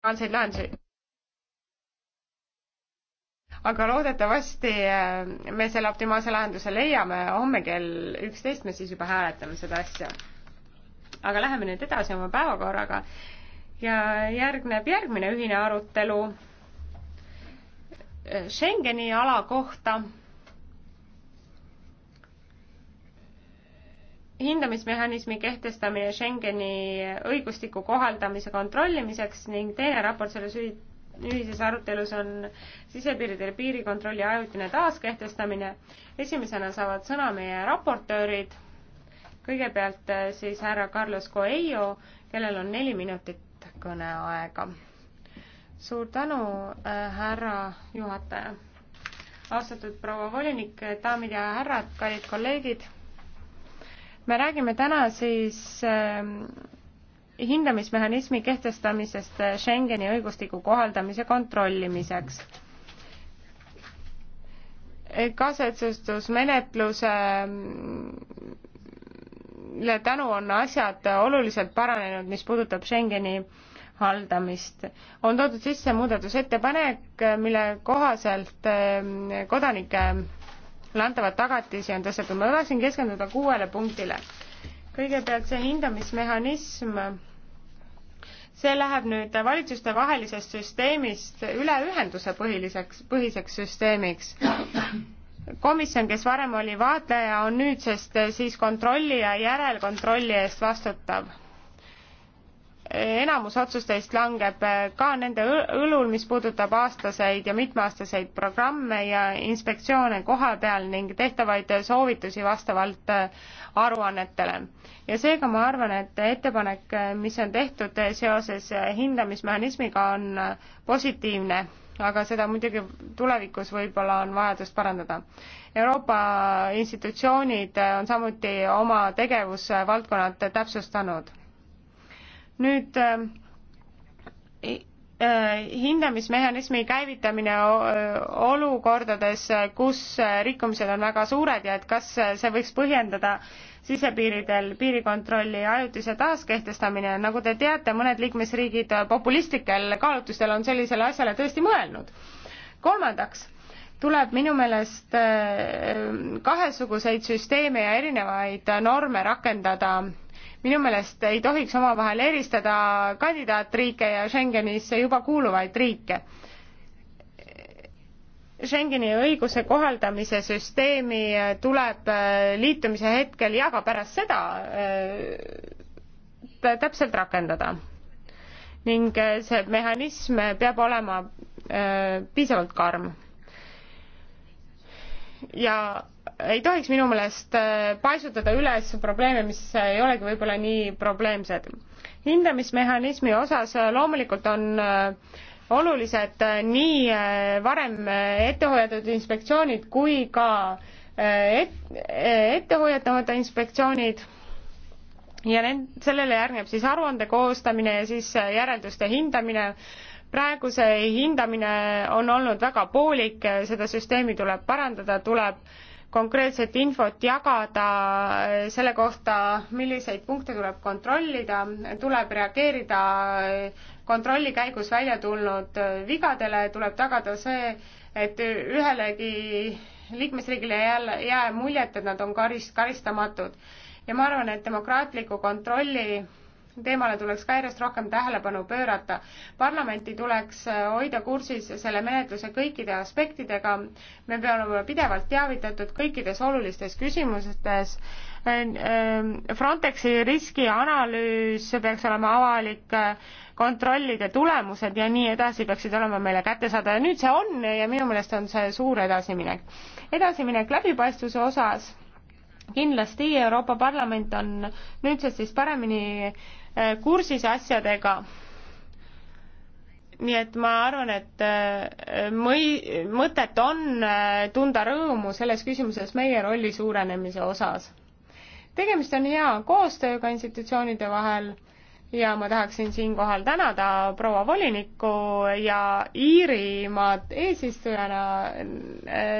regionaalseid lahendusi. aga loodetavasti äh, me selle optimaalse lahenduse leiame, homme kell üksteist me siis juba hääletame seda asja. aga läheme nüüd edasi oma päevakorraga ja järgneb järgmine ühine arutelu äh, Schengeni ala kohta hindamismehhanismi kehtestamine Schengeni õigustiku kohaldamise kontrollimiseks ning teine raport selles ühises arutelus on sisepiiridel piirikontrolli ajutine taaskehtestamine. esimesena saavad sõna meie raportöörid, kõigepealt äh, siis härra Carlos Coelho, kellel on neli minutit kõneaega. suur tänu äh,, härra juhataja! austatud proua volinik, daamid ja härrad, kallid kolleegid me räägime täna siis ähm, hindamismehhanismi kehtestamisest äh, Schengeni õigustiku kohaldamise kontrollimiseks. Äh, kaasetsustusmenetlusele ähm, tänu on asjad oluliselt paranenud, mis puudutab Schengeni haldamist. on toodud sisse muudatusettepanek, mille kohaselt ähm, kodanike antavad tagatisi on tõstetud. ma tahaksin keskenduda kuuele punktile. kõigepealt see hindamismehhanism, see läheb nüüd valitsustevahelisest süsteemist üle ühenduse põhiliseks, põhiseks süsteemiks. komisjon, kes varem oli vaatleja, on nüüdsest siis kontrolli ja järelkontrolli eest vastutav enamus otsustest langeb äh, ka nende õlul, mis puudutab aastaseid ja mitmeaastaseid programme ja inspektsioone koha peal ning tehtavaid soovitusi vastavalt äh, aruannetele. ja seega ma arvan, et ettepanek, äh, mis on tehtud seoses hindamismehhanismiga, on positiivne, aga seda muidugi tulevikus võib-olla on vajadust parandada. Euroopa institutsioonid on samuti oma tegevusvaldkonnad täpsustanud nüüd äh, äh, hindamismehhanismi käivitamine äh, olukordades, kus rikkumised on väga suured ja et kas see võiks põhjendada sisepiiridel piirikontrolli ajutise taaskehtestamine, nagu te teate, mõned liikmesriigid populistlikel kaalutlustel on sellisele asjale tõesti mõelnud. kolmandaks tuleb minu meelest kahesuguseid süsteeme ja erinevaid norme rakendada minu meelest ei tohiks omavahel eristada kandidaatriike ja Schengenisse juba kuuluvaid riike. Schengeni õiguse kohaldamise süsteemi tuleb äh, liitumise hetkel ja ka pärast seda äh, täpselt rakendada. ning äh, see mehhanism peab olema piisavalt karm ja ei tohiks minu meelest äh, paisutada üles probleeme, mis ei olegi võib-olla nii probleemsed. hindamismehhanismi osas äh, loomulikult on äh, olulised nii varem ette hoiatud inspektsioonid kui ka et, ette hoiatamata inspektsioonid ja nend-, sellele järgneb siis aruande koostamine ja siis järelduste hindamine praegu see hindamine on olnud väga poolik, seda süsteemi tuleb parandada, tuleb konkreetset infot jagada selle kohta, milliseid punkte tuleb kontrollida, tuleb reageerida kontrolli käigus välja tulnud vigadele, tuleb tagada see, et ühelegi liikmesriigile ei jää, jää muljet, et nad on karis-, karistamatud. ja ma arvan, et demokraatliku kontrolli teemale tuleks ka järjest rohkem tähelepanu pöörata. parlamenti tuleks äh, hoida kursis selle menetluse kõikide aspektidega. me peame olema pidevalt teavitatud kõikides olulistes küsimustes. Äh, äh, Frontexi riskianalüüs peaks olema avalik, kontrollide tulemused ja nii edasi peaksid olema meile kättesaadavad ja nüüd see on ja minu meelest on see suur edasiminek. edasiminek läbipaistvuse osas kindlasti Euroopa Parlament on nüüdsest siis paremini Äh, kursis asjadega. nii et ma arvan, et äh, mõi-, mõtet on äh, tunda rõõmu selles küsimuses meie rolli suurenemise osas. tegemist on hea koostööga institutsioonide vahel ja ma tahaksin siinkohal tänada proua volinikku ja Iirimaad eesistujana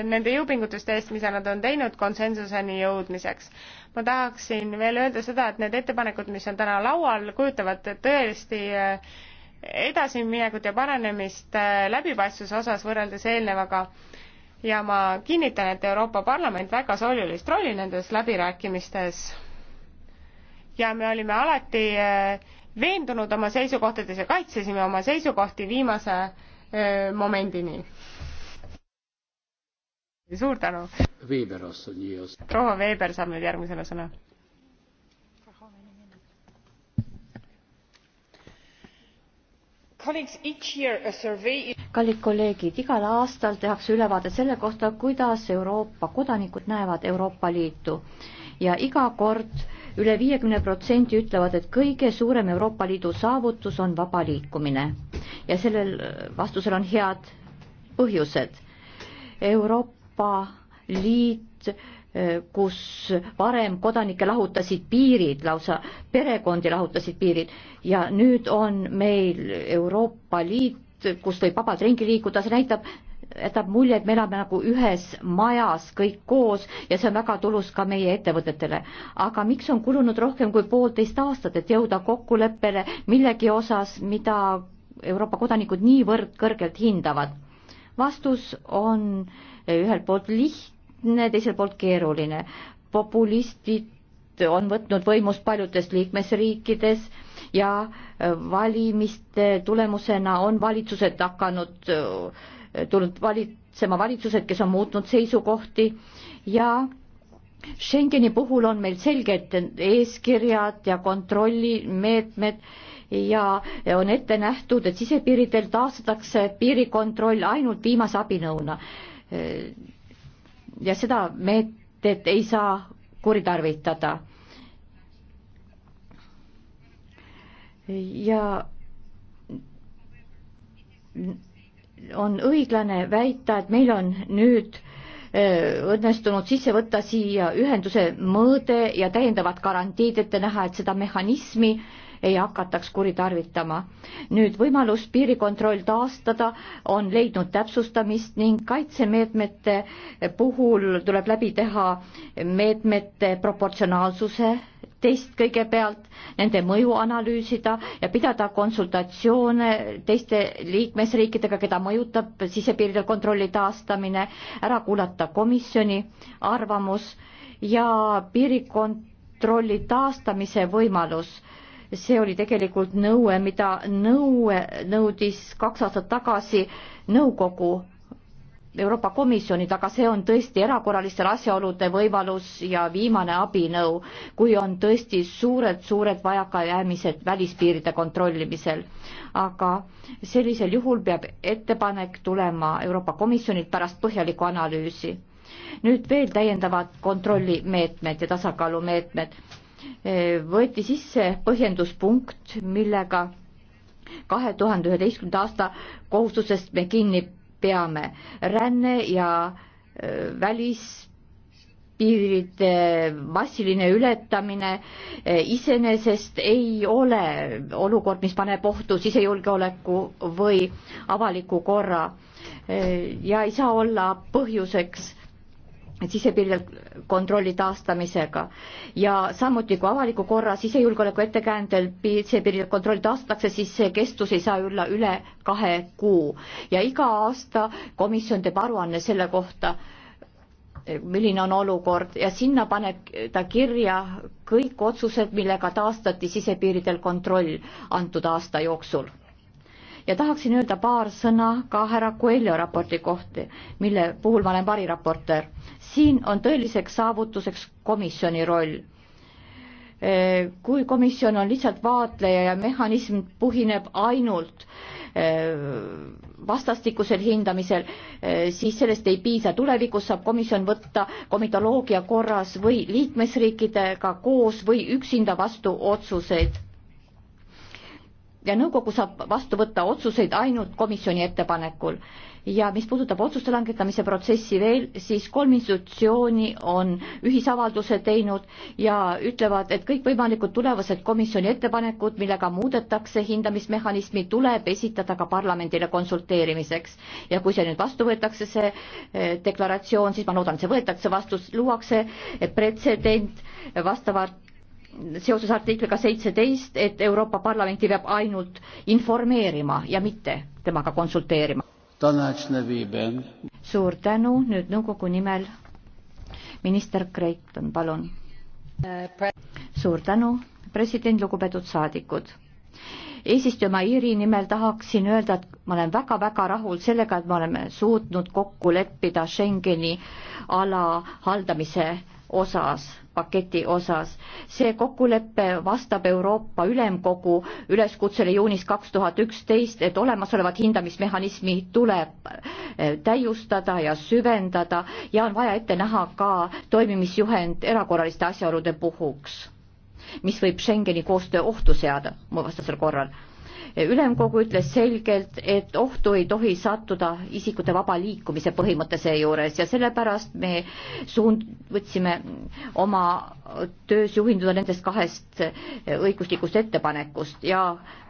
nende jõupingutuste eest, mida nad on teinud konsensuseni jõudmiseks ma tahaksin veel öelda seda, et need ettepanekud, mis on täna laual, kujutavad tõesti eh, edasiminekut ja paranemist eh, läbipaistvuse osas võrreldes eelnevaga ja ma kinnitan, et Euroopa Parlament väga olulist rolli nendes läbirääkimistes ja me olime alati eh, veendunud oma seisukohtades ja kaitsesime oma seisukohti viimase momendini suur tänu. proua Weber saab nüüd järgmisena sõna. kallid kolleegid, igal aastal tehakse ülevaade selle kohta, kuidas Euroopa kodanikud näevad Euroopa Liitu ja iga kord üle viiekümne protsendi ütlevad, et kõige suurem Euroopa Liidu saavutus on vaba liikumine ja sellel vastusel on head põhjused. Euroopa Euroopa Liit, eh, kus varem kodanikke lahutasid piirid, lausa perekondi lahutasid piirid ja nüüd on meil Euroopa Liit, kus võib vabalt ringi liikuda, see näitab, jätab mulje, et me elame nagu ühes majas kõik koos ja see on väga tulus ka meie ettevõtetele. aga miks on kulunud rohkem kui poolteist aastat, et jõuda kokkuleppele millegi osas, mida Euroopa kodanikud niivõrd kõrgelt hindavad? vastus on eh, ühelt poolt lihtne, teiselt poolt keeruline. populistid on võtnud võimust paljudes liikmesriikides ja eh, valimiste tulemusena on valitsused hakanud, eh, tulnud valitsema valitsused, kes on muutnud seisukohti ja Schengeni puhul on meil selged eeskirjad ja kontrollimeetmed ja on ette nähtud, et sisepiiridel taastatakse piirikontroll ainult viimase abinõuna. ja seda meedet ei saa kuritarvitada. ja on õiglane väita, et meil on nüüd äh, õnnestunud sisse võtta siia ühenduse mõõde ja täiendavad garantiid ette näha, et seda mehhanismi äh, ei hakataks kuritarvitama. nüüd võimalus piirikontroll taastada on leidnud täpsustamist ning kaitsemeetmete puhul tuleb läbi teha meetmete proportsionaalsuse test kõigepealt, nende mõju analüüsida ja pidada konsultatsioone teiste liikmesriikidega, keda mõjutab sisepiiridel kontrolli taastamine, ära kuulata komisjoni arvamus ja piirikontrolli taastamise võimalus see oli tegelikult nõue, mida nõue nõudis kaks aastat tagasi nõukogu Euroopa Komisjonid, aga see on tõesti erakorralistel asjaolude võimalus ja viimane abinõu, kui on tõesti suured-suured vajakajäämised välispiiride kontrollimisel. aga sellisel juhul peab ettepanek tulema Euroopa Komisjonilt pärast põhjalikku analüüsi. nüüd veel täiendavad kontrollimeetmed ja tasakaalumeetmed Eh, võeti sisse põhjenduspunkt, millega kahe tuhande üheteistkümnenda aasta kohustusest me kinni peame. ränne ja eh, välispiiride massiline ületamine eh, iseenesest ei ole olukord, mis paneb ohtu sisejulgeoleku või avaliku korra ja ei saa olla põhjuseks sisepiiril kontrolli taastamisega ja samuti kui avaliku korra sisejulgeoleku ettekäändel sisepiiril kontroll taastatakse, siis see kestus ei saa olla üle kahe kuu ja iga aasta komisjon teeb aruanne selle kohta, milline on olukord ja sinna paneb ta kirja kõik otsused, millega taastati sisepiiridel kontroll antud aasta jooksul ja tahaksin öelda paar sõna ka härra Coelho raporti kohta, mille puhul ma olen variraportöör. siin on tõeliseks saavutuseks komisjoni roll. kui komisjon on lihtsalt vaatleja ja mehhanism põhineb ainult vastastikusel hindamisel, siis sellest ei piisa. tulevikus saab komisjon võtta komitoloogia korras või liikmesriikidega koos või üksinda vastu otsuseid ja nõukogu saab vastu võtta otsuseid ainult komisjoni ettepanekul. ja mis puudutab otsuste langetamise protsessi veel, siis kolm institutsiooni on ühisavalduse teinud ja ütlevad, et kõikvõimalikud tulevased komisjoni ettepanekud, millega muudetakse hindamismehhanismi, tuleb esitada ka parlamendile konsulteerimiseks. ja kui see nüüd vastu võetakse, see eh, deklaratsioon, siis ma loodan, see võetakse vastu, luuakse eh, pretsedent vastavalt seoses artikliga seitseteist, et Euroopa Parlamenti peab ainult informeerima ja mitte temaga konsulteerima. suur tänu, nüüd nõukogu nimel minister Kreiton, palun. suur tänu, president, lugupeetud saadikud. eesistuja Iiri nimel tahaksin öelda, et ma olen väga-väga rahul sellega, et me oleme suutnud kokku leppida Schengeni ala haldamise osas paketi osas. see kokkulepe vastab Euroopa Ülemkogu üleskutsele juunis kaks tuhat üksteist, et olemasolevat hindamismehhanismi tuleb eh, täiustada ja süvendada ja on vaja ette näha ka toimimisjuhend erakorraliste asjaolude puhuks, mis võib Schengeni koostöö ohtu seada vastasel korral ülemkogu ütles selgelt, et ohtu ei tohi sattuda isikute vaba liikumise põhimõttese juures ja sellepärast me suund-, võtsime oma töös juhinduda nendest kahest eh, õiguslikust ettepanekust ja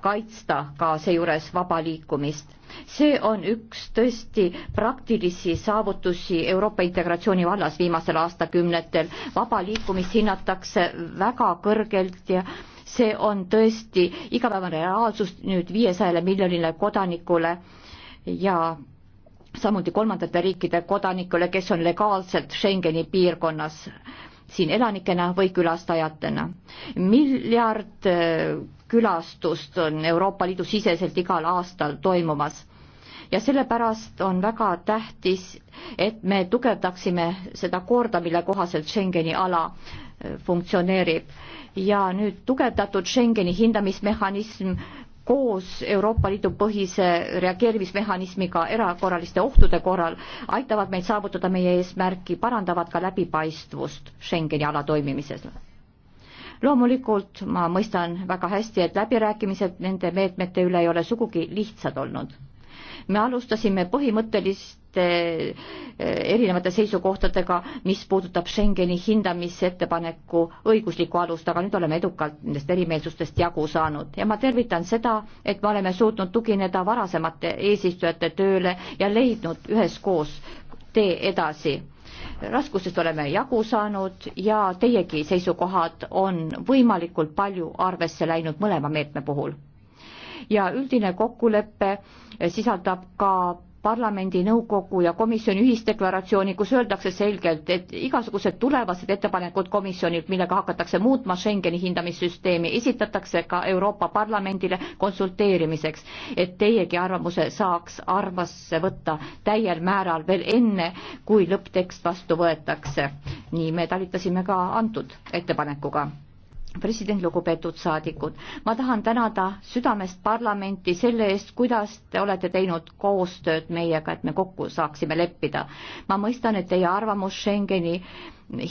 kaitsta ka seejuures vaba liikumist. see on üks tõesti praktilisi saavutusi Euroopa integratsiooni vallas viimasel aastakümnetel. vaba liikumist hinnatakse väga kõrgelt ja see on tõesti igapäevane reaalsus nüüd viiesajale miljonile kodanikule ja samuti kolmandate riikide kodanikule, kes on legaalselt Schengeni piirkonnas siin elanikena või külastajatena. miljard äh, külastust on Euroopa Liidu siseselt igal aastal toimumas ja sellepärast on väga tähtis, et me tugevdaksime seda korda, mille kohaselt Schengeni ala äh, funktsioneerib ja nüüd tugevdatud Schengeni hindamismehhanism koos Euroopa Liidu põhise reageerimismehhanismiga erakorraliste ohtude korral aitavad meil saavutada meie eesmärki, parandavad ka läbipaistvust Schengeni ala toimimises. loomulikult ma mõistan väga hästi, et läbirääkimised nende meetmete üle ei ole sugugi lihtsad olnud. me alustasime põhimõttelist erinevate, erinevate seisukohtadega, mis puudutab Schengeni hindamisettepaneku õiguslikku alust, aga nüüd oleme edukalt nendest erimeelsustest jagu saanud ja ma tervitan seda, et me oleme suutnud tugineda varasemate eesistujate tööle ja leidnud üheskoos tee edasi raskustest oleme jagu saanud ja teiegi seisukohad on võimalikult palju arvesse läinud mõlema meetme puhul. ja üldine kokkulepe sisaldab ka parlamendi, nõukogu ja komisjoni ühisdeklaratsiooni, kus öeldakse selgelt, et igasugused tulevased ettepanekud komisjonilt, millega hakatakse muutma Schengeni hindamissüsteemi, esitatakse ka Euroopa Parlamendile konsulteerimiseks, et teiegi arvamuse saaks arvasse võtta täiel määral veel enne, kui lõpptekst vastu võetakse. nii me talitasime ka antud ettepanekuga president, lugupeetud saadikud, ma tahan tänada südamest parlamenti selle eest, kuidas te olete teinud koostööd meiega, et me kokku saaksime leppida. ma mõistan, et teie arvamus Schengeni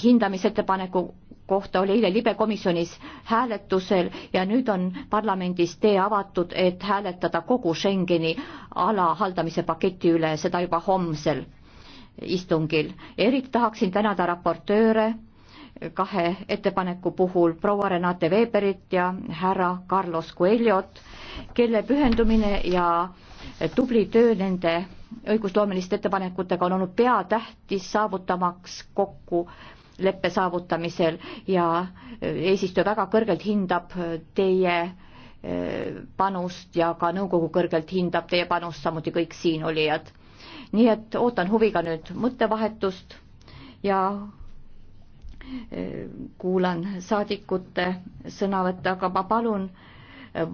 hindamisettepaneku kohta oli eile libekomisjonis hääletusel ja nüüd on parlamendis tee avatud, et hääletada kogu Schengeni ala haldamise paketi üle, seda juba homsel istungil. eriti tahaksin tänada raportööre kahe ettepaneku puhul proua Renate Weberit ja härra Carlos Coelhot, kelle pühendumine ja tubli töö nende õigusloomeliste ettepanekutega on olnud peatähtis saavutamaks kokkuleppe saavutamisel ja äh, eesistuja väga kõrgelt hindab äh, teie äh, panust ja ka nõukogu kõrgelt hindab teie panust, samuti kõik siinolijad. nii et ootan huviga nüüd mõttevahetust ja kuulan saadikute sõnavõtte, aga ma palun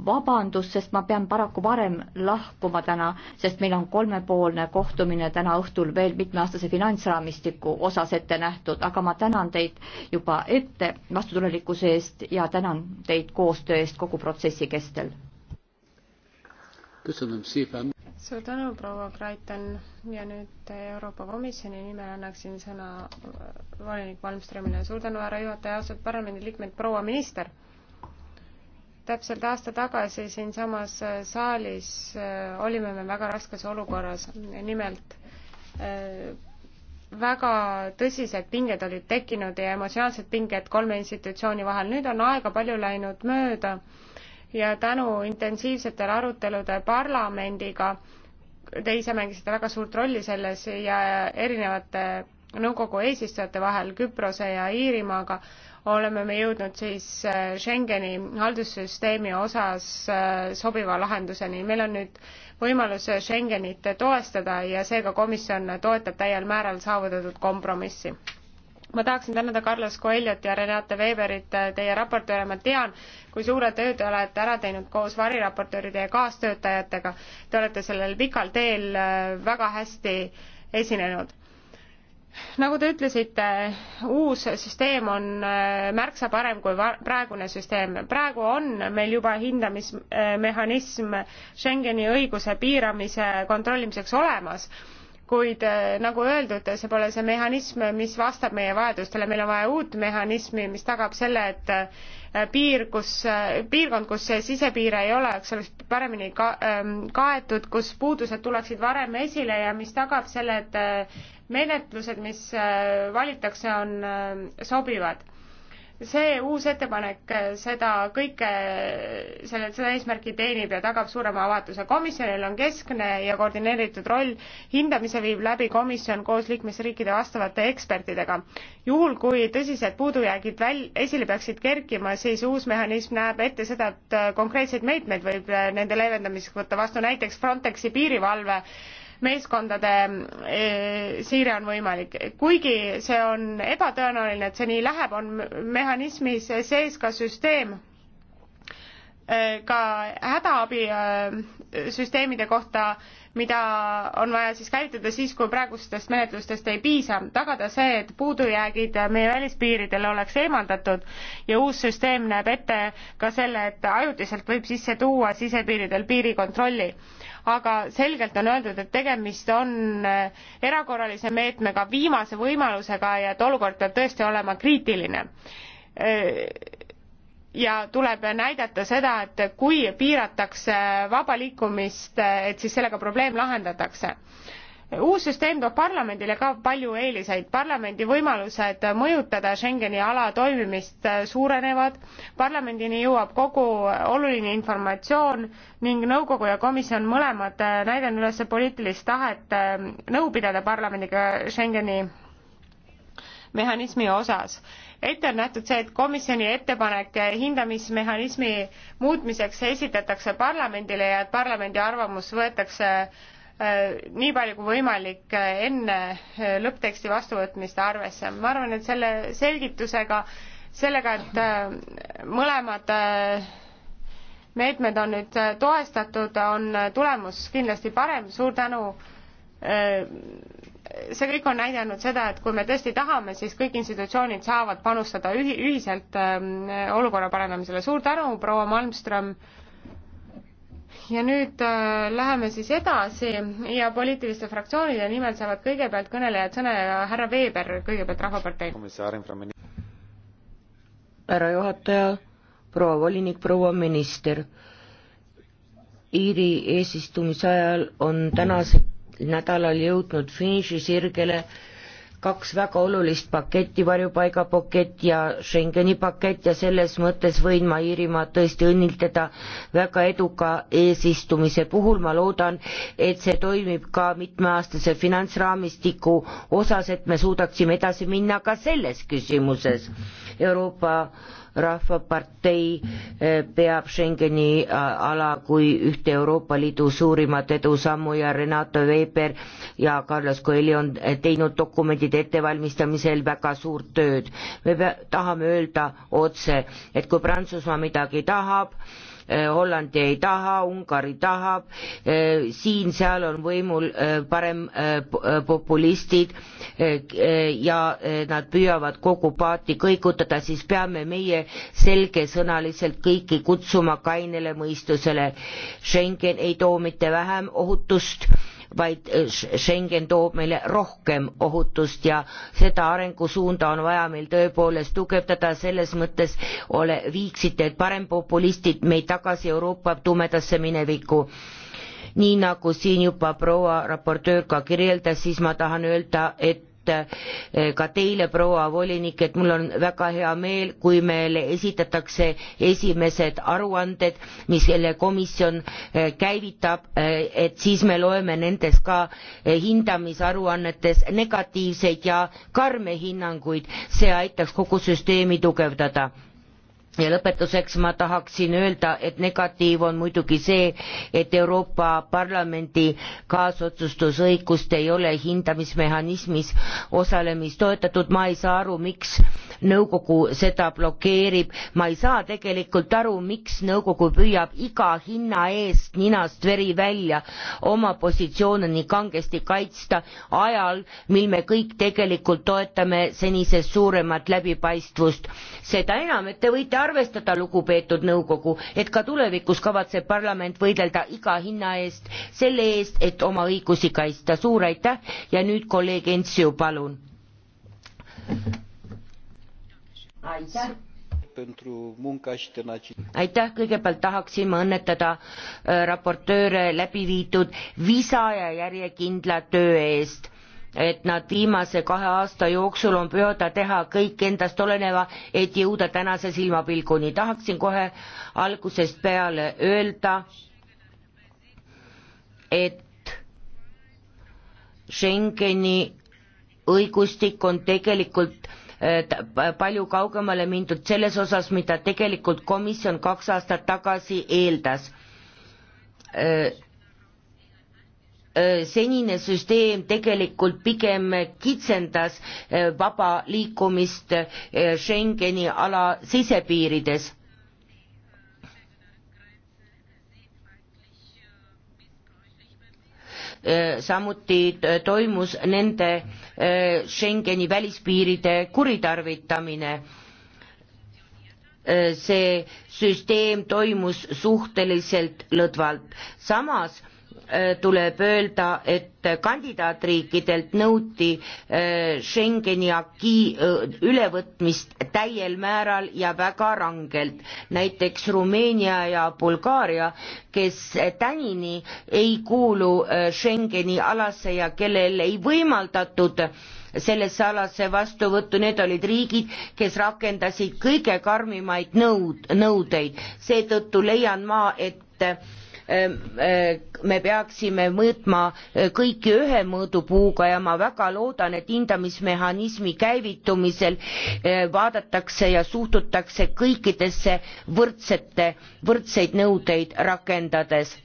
vabandust, sest ma pean paraku varem lahkuma täna, sest meil on kolmepoolne kohtumine täna õhtul veel mitmeaastase finantsraamistiku osas ette nähtud, aga ma tänan teid juba ette vastutulelikkuse eest ja tänan teid koostöö eest kogu protsessi kestel suur tänu, proua Kraitan ja nüüd Euroopa Komisjoni nimel annaksin sõna äh, volinik Malmströmile. suur tänu, härra juhataja, austatud parlamendiliikmed, proua minister. täpselt aasta tagasi siinsamas äh, saalis äh, olime me väga raskes olukorras, nimelt väga tõsised pinged olid tekkinud ja emotsionaalsed pinged kolme institutsiooni vahel. nüüd on aega palju läinud mööda ja tänu intensiivsetele arutelude parlamendiga te ise mängisite väga suurt rolli selles ja erinevate nõukogu eesistujate vahel Küprose ja Iirimaaga oleme me jõudnud siis äh, Schengeni haldussüsteemi osas äh, sobiva lahenduseni. meil on nüüd võimalus Schengenit toestada ja seega komisjon toetab täiel määral saavutatud kompromissi ma tahaksin tänada Carlos Coelhot ja Renate Weberit, äh, teie raportööre, ma tean, kui suure töö te olete ära teinud koos variraportööride ja kaastöötajatega. Te olete sellel pikal teel äh, väga hästi esinenud. nagu te ütlesite, uus süsteem on äh, märksa parem kui praegune süsteem. praegu on meil juba hindamismehhanism Schengeni õiguse piiramise kontrollimiseks olemas kuid äh, nagu öeldud, see pole see mehhanism, mis vastab meie vajadustele, meil on vaja uut mehhanismi, mis tagab selle, et äh, piir, kus, äh, piirkond, kus sisepiire ei oleks, oleks paremini ka, ähm, kaetud, kus puudused tuleksid varem esile ja mis tagab selle, et menetlused, mis valitakse, on sobivad see uus ettepanek seda kõike, selle, seda eesmärki teenib ja tagab suurema avatuse. komisjonil on keskne ja koordineeritud roll, hindamise viib läbi komisjon koos liikmesriikide vastavate ekspertidega. juhul, kui tõsised puudujäägid väl-, esile peaksid kerkima, siis uus mehhanism näeb ette seda, et konkreetseid meetmeid võib nende leevendamiseks võtta vastu, näiteks Frontexi piirivalve äh, meeskondade e, siire on võimalik. kuigi see on ebatõenäoline, et see nii läheb, on mehhanismis sees ka süsteem, e, ka hädaabisüsteemide e, kohta, mida on vaja siis käivitada siis, kui praegustest menetlustest ei piisa, tagada see, et puudujäägid meie välispiiridel oleks eemaldatud ja uus süsteem näeb ette ka selle, et ajutiselt võib sisse tuua sisepiiridel piirikontrolli aga selgelt on öeldud, et tegemist on äh, erakorralise meetmega, viimase võimalusega ja et olukord peab tõesti olema kriitiline äh, ja tuleb näidata seda, et kui piiratakse vaba liikumist, äh, et siis sellega probleem lahendatakse uus süsteem toob parlamendile ka palju eeliseid, parlamendi võimalused mõjutada Schengeni ala toimimist suurenevad, parlamendini jõuab kogu oluline informatsioon ning nõukogu ja komisjon mõlemad näidanud üles poliitilist tahet nõu pidada parlamendiga Schengeni mehhanismi osas. ette on nähtud see, et komisjoni ettepanek hindamismehhanismi muutmiseks esitatakse parlamendile ja et parlamendi arvamus võetakse Äh, nii palju kui võimalik äh, enne äh, lõppteksti vastuvõtmist arvesse. ma arvan, et selle selgitusega, sellega, et mõlemad meetmed on nüüd toestatud, on tulemus kindlasti parem, suur tänu. see kõik on näidanud seda, et kui me tõesti tahame, siis kõik institutsioonid saavad panustada ühi-, ühiselt ähm, olukorra parandamisele. suur tänu, proua Malmström ja nüüd äh, läheme siis edasi ja poliitiliste fraktsioonide nimel saavad kõigepealt kõnelejad sõna ja härra Veeber kõigepealt Rahvapartei. härra juhataja, proua volinik, proua minister. Iiri eesistumise ajal on tänasel nädalal jõudnud finišisirgele kaks väga olulist paketti, varjupaigapakett ja Schengeni pakett ja selles mõttes võin ma Iirimaad tõesti õnnitleda väga eduka eesistumise puhul, ma loodan, et see toimib ka mitmeaastase finantsraamistiku osas, et me suudaksime edasi minna ka selles küsimuses. Euroopa rahvapartei eh, peab Schengeni äh, ala kui ühte Euroopa Liidu suurimat edusammu ja Renato Weber ja Carlos Coelho on eh, teinud dokumentide ettevalmistamisel väga suurt tööd. me pea-, tahame öelda otse, et kui Prantsusmaa midagi tahab, Äh, Hollandi ei taha, Ungari tahab, äh, siin-seal on võimul äh, parem populistid ja nad püüavad kogu paati kõigutada, siis peame meie selgesõnaliselt kõiki kutsuma kainele mõistusele. Schengen ei too mitte vähem ohutust vaid eh, Schengen toob meile rohkem ohutust ja seda arengusuunda on vaja meil tõepoolest tugevdada, selles mõttes ole, viiksid need parempopulistid meid tagasi Euroopa tumedasse minevikku nii nagu siin juba proua raportöör ka kirjeldas, siis ma tahan öelda, et poolt eh, ka teile, proua volinik, et mul on väga hea meel, kui meile esitatakse esimesed aruanded, mis selle komisjon eh, käivitab, eh, et siis me loeme nendes ka hindamisaruannetes negatiivseid ja karme hinnanguid, see aitaks kogu süsteemi tugevdada ja lõpetuseks ma tahaksin öelda, et negatiiv on muidugi see, et Euroopa Parlamendi kaasotsustusõigust ei ole hindamismehhanismis osalemist toetatud, ma ei saa aru, miks nõukogu seda blokeerib. ma ei saa tegelikult aru, miks nõukogu püüab iga hinna eest ninast veri välja oma positsioone nii kangesti kaitsta ajal, mil me kõik tegelikult toetame senisest suuremat läbipaistvust. seda enam, et te võite arvestada, lugupeetud nõukogu, et ka tulevikus kavatseb parlament võidelda iga hinna eest, selle eest, et oma õigusi kaitsta. suur aitäh ja nüüd kolleeg Entsiu, palun! aitäh! aitäh, kõigepealt tahaksin ma õnnetleda äh, raportööre läbi viidud visa ja järjekindla töö eest et nad viimase kahe aasta jooksul on püüda teha kõik endast oleneva, et jõuda tänase silmapilguni. tahaksin kohe algusest peale öelda, et Schengeni õigustik on tegelikult palju kaugemale mindud selles osas, mida tegelikult komisjon kaks aastat tagasi eeldas. Äh, äh, senine süsteem tegelikult pigem kitsendas äh, vaba liikumist Schengeni ala sisepiirides Äh, samuti toimus nende äh, Schengeni välispiiride kuritarvitamine. Äh, see süsteem toimus suhteliselt lõdvalt, samas Äh, tuleb öelda, et kandidaatriikidelt nõuti äh, Schengeni aki äh, ülevõtmist täiel määral ja väga rangelt. näiteks Rumeenia ja Bulgaaria, kes tänini ei kuulu Schengeni alasse ja kellel ei võimaldatud sellesse alasse vastuvõttu, need olid riigid, kes rakendasid kõige karmimaid nõud, nõudeid. seetõttu leian ma, et Ehm, ehm, me peaksime mõõtma eh, kõiki ühe mõõdupuuga ja ma väga loodan, et hindamismehhanismi käivitumisel eh, vaadatakse ja suhtutakse kõikidesse võrdsete, võrdseid nõudeid rakendades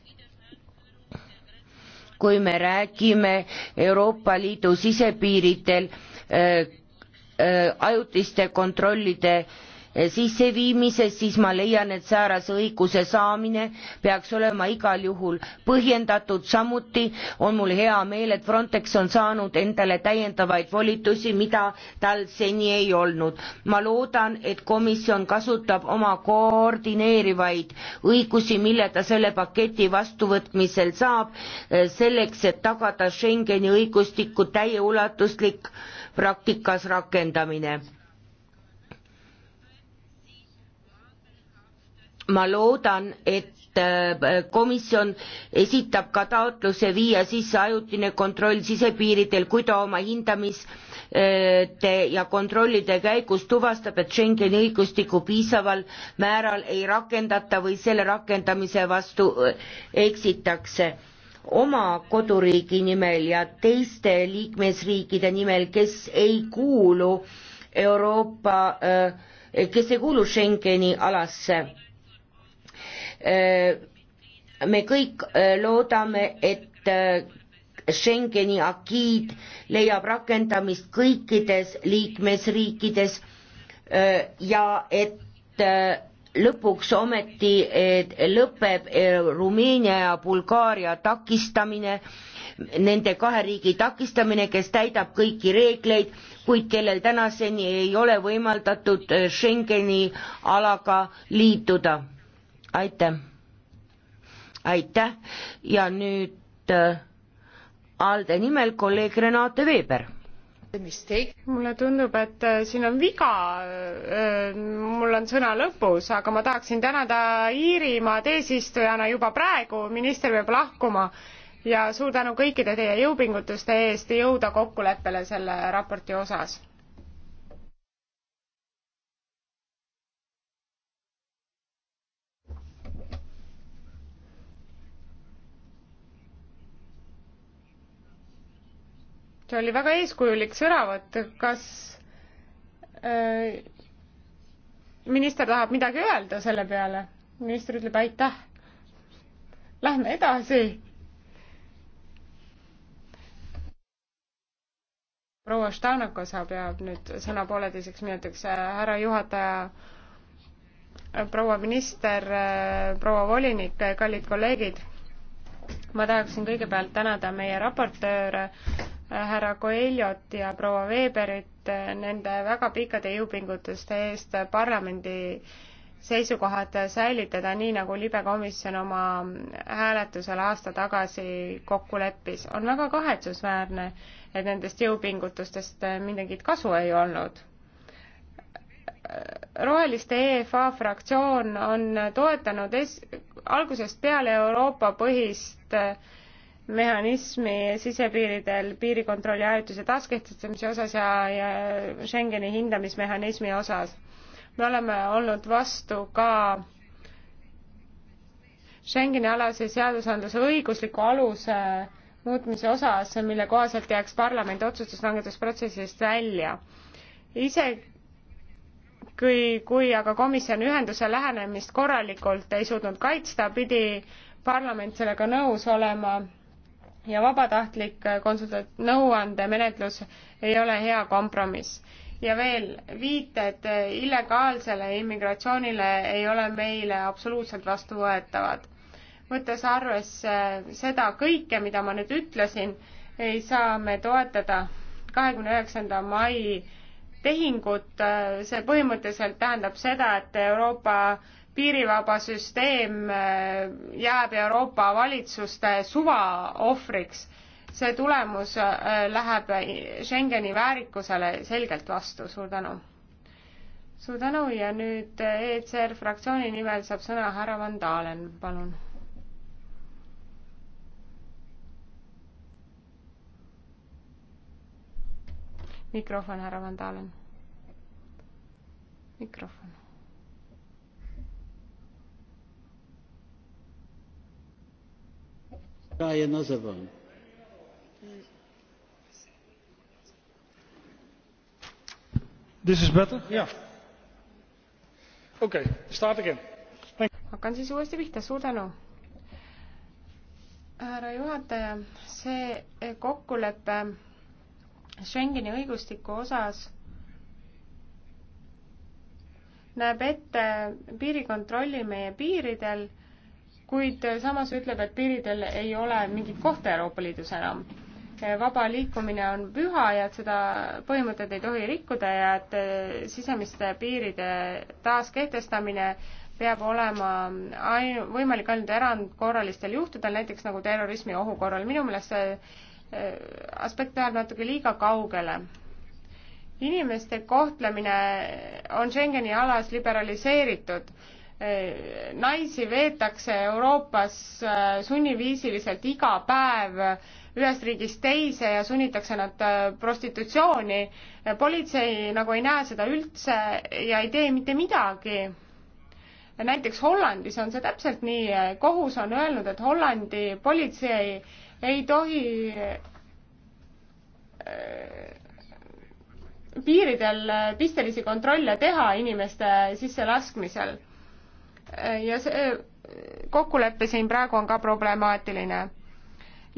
kui me räägime Euroopa Liidu sisepiiridel äh, äh, ajutiste kontrollide äh, Eh, sisseviimises, siis ma leian, et säärase õiguse saamine peaks olema igal juhul põhjendatud, samuti on mul hea meel, et Frontex on saanud endale täiendavaid volitusi, mida tal seni ei olnud. ma loodan, et komisjon kasutab oma koordineerivaid õigusi, mille ta selle paketi vastuvõtmisel saab, eh, selleks, et tagada Schengeni õigustiku täieulatuslik praktikas rakendamine ma loodan, et äh, komisjon esitab ka taotluse viia sisse ajutine kontroll sisepiiridel, kui ta oma hindamiste äh, ja kontrollide käigus tuvastab, et Schengeni õigustikku piisaval määral ei rakendata või selle rakendamise vastu äh, eksitakse oma koduriigi nimel ja teiste liikmesriikide nimel, kes ei kuulu Euroopa, kes ei kuulu Schengeni alasse Äh, me kõik äh, loodame, et äh, Schengeni akiid leiab rakendamist kõikides liikmesriikides ja et lõpuks ometi lõpeb Rumeenia ja Bulgaaria takistamine, nende kahe riigi takistamine, kes täidab kõiki reegleid, kuid kellel tänaseni ei ole võimaldatud Schengeni alaga liituda aitäh. aitäh ja nüüd äh, ALDE nimel kolleeg Renate Veber mulle tundub, et äh, siin on viga, äh, mul on sõna lõpus, aga ma tahaksin tänada Iirimaad eesistujana juba praegu, minister peab lahkuma ja suur tänu kõikide teie jõupingutuste eest jõuda kokkuleppele selle raporti osas see oli väga eeskujulik sõnavõtt, kas äh, minister tahab midagi öelda selle peale? minister ütleb aitäh. Lähme edasi. proua Štanoko saab, jääb nüüd sõna pooleteiseks minutiks, härra juhataja, proua minister, proua volinik, kallid kolleegid ma tahaksin kõigepealt tänada meie raportööre härra Coeljot ja proua Weberit nende väga pikkade jõupingutuste eest parlamendi seisukohad säilitada, nii nagu libekomisjon oma hääletusel aasta tagasi kokku leppis. on väga kahetsusväärne, et nendest jõupingutustest mingit kasu ei olnud roheliste EFA fraktsioon on toetanud es-, algusest peale Euroopa põhist äh, mehhanismi sisepiiridel piirikontrolli ajutise taaskehtestamise osas ja, ja Schengeni hindamismehhanismi osas. me oleme olnud vastu ka Schengeni alase seadusandluse õigusliku aluse muutmise osas, mille kohaselt jääks parlament otsustuslangetusprotsessist välja. isegi kui, kui aga komisjon ühenduse lähenemist korralikult ei suutnud kaitsta, pidi parlament sellega nõus olema ja vabatahtlik konsultat-, nõuandemenetlus ei ole hea kompromiss. ja veel, viited illegaalsele immigratsioonile ei ole meile absoluutselt vastuvõetavad. võttes arvesse seda kõike, mida ma nüüd ütlesin, ei saa me toetada kahekümne üheksanda mai tehingut, see põhimõtteliselt tähendab seda, et Euroopa piirivaba süsteem äh, jääb Euroopa valitsuste suva ohvriks. see tulemus äh, läheb Schengeni väärikusele selgelt vastu, suur tänu. suur tänu ja nüüd äh, ECR fraktsiooni nimel saab sõna härra Van Dalen, palun. mikrofon, härra Van Dalen. mikrofon Daje na zewnątrz. This is better? jah. okei okay,, start again. hakkan siis uuesti pihta, suur tänu. härra juhataja, see kokkulepe Schengeni õigustiku osas näeb ette piirikontrolli meie piiridel kuid samas ütleb, et piiridel ei ole mingit kohta Euroopa Liidus enam. vaba liikumine on püha ja et seda põhimõtet ei tohi rikkuda ja et eh, sisemiste piiride taaskehtestamine peab olema ainu-, võimalik ainult erandkorralistel juhtudel, näiteks nagu terrorismi ohu korral. minu meelest see eh, aspekt läheb natuke liiga kaugele. inimeste kohtlemine on Schengeni alas liberaliseeritud naisi veetakse Euroopas äh, sunniviisiliselt iga päev ühest riigist teise ja sunnitakse nad äh, prostitutsiooni. politsei nagu ei näe seda üldse ja ei tee mitte midagi. näiteks Hollandis on see täpselt nii, kohus on öelnud, et Hollandi politsei ei tohi äh, piiridel pistelisi kontrolle teha inimeste sisselaskmisel ja see kokkulepe siin praegu on ka problemaatiline.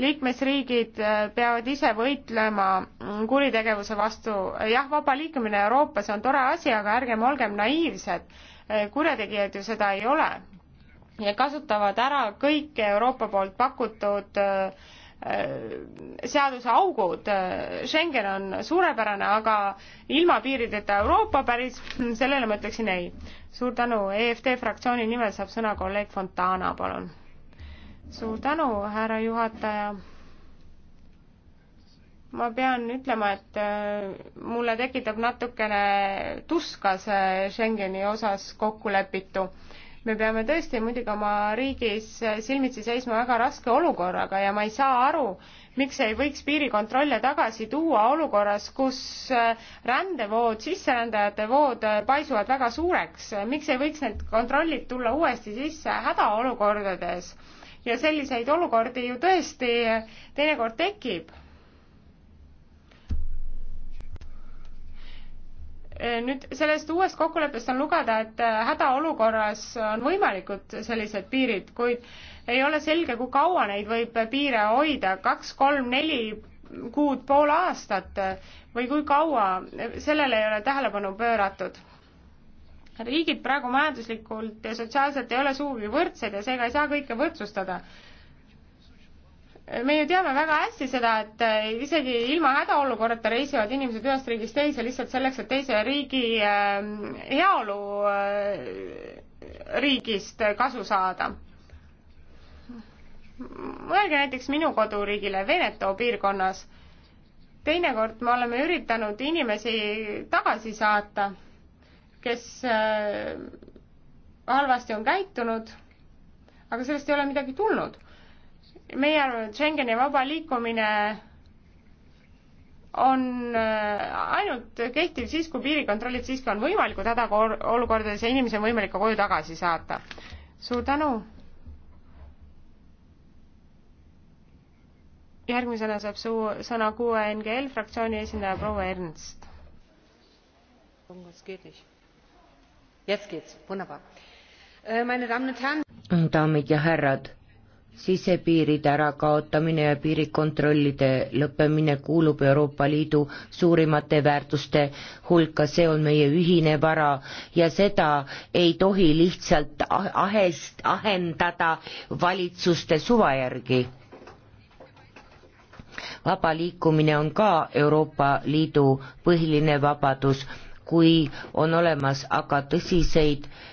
liikmesriigid äh, peavad ise võitlema kuritegevuse vastu, jah, vaba liikumine Euroopas on tore asi, aga ärgem olgem naiivsed, äh, kurjategijad ju seda ei ole ja kasutavad ära kõik Euroopa poolt pakutud äh, Äh, seaduse augud. Äh, Schengen on suurepärane, aga ilma piirideta Euroopa päris, sellele ma ütleksin ei. suur tänu, EFD fraktsiooni nimel saab sõna kolleeg Fontana, palun. suur tänu, härra juhataja. ma pean ütlema, et äh, mulle tekitab natukene tuska see Schengeni osas kokkulepitu me peame tõesti muidugi oma riigis silmitsi seisma väga raske olukorraga ja ma ei saa aru, miks ei võiks piirikontrolle tagasi tuua olukorras, kus äh, rändevood, sisserändajate vood äh, paisuvad väga suureks, miks ei võiks need kontrollid tulla uuesti sisse hädaolukordades ja selliseid olukordi ju tõesti äh, teinekord tekib Eh, nüüd sellest uuest kokkuleppest on lugeda, et eh, hädaolukorras on võimalikud sellised piirid, kuid ei ole selge, kui kaua neid võib piire hoida, kaks, kolm, neli kuud, pool aastat eh, või kui kaua, sellele ei ole tähelepanu pööratud. riigid praegu majanduslikult ja sotsiaalselt ei ole sugugi võrdsed ja seega ei saa kõike võrdsustada me ju teame väga hästi seda, et eh, isegi ilma hädaolukorrata reisivad inimesed ühest riigist teise lihtsalt selleks, et teise riigi eh, heaolu eh, riigist kasu saada. mõelge näiteks minu koduriigile Veneto piirkonnas. teinekord me oleme üritanud inimesi tagasi saata, kes halvasti on käitunud, aga sellest ei ole midagi tulnud meie arvame, et Schengeni vaba liikumine on äh, ainult kehtiv siis, kui piirikontrollid siiski on võimalikud hädaolukordades ja inimesi on võimalik ka koju tagasi saata. suur tänu. järgmisena saab suu, sõna kuue NGL fraktsiooni esindaja proua Ernst. Äh, daamid ja härrad sisepiiride ärakaotamine ja piirikontrollide lõppemine kuulub Euroopa Liidu suurimate väärtuste hulka, see on meie ühine vara ja seda ei tohi lihtsalt ah-, ahest, ahendada valitsuste suva järgi. vaba liikumine on ka Euroopa Liidu põhiline vabadus, kui on olemas aga tõsiseid äh,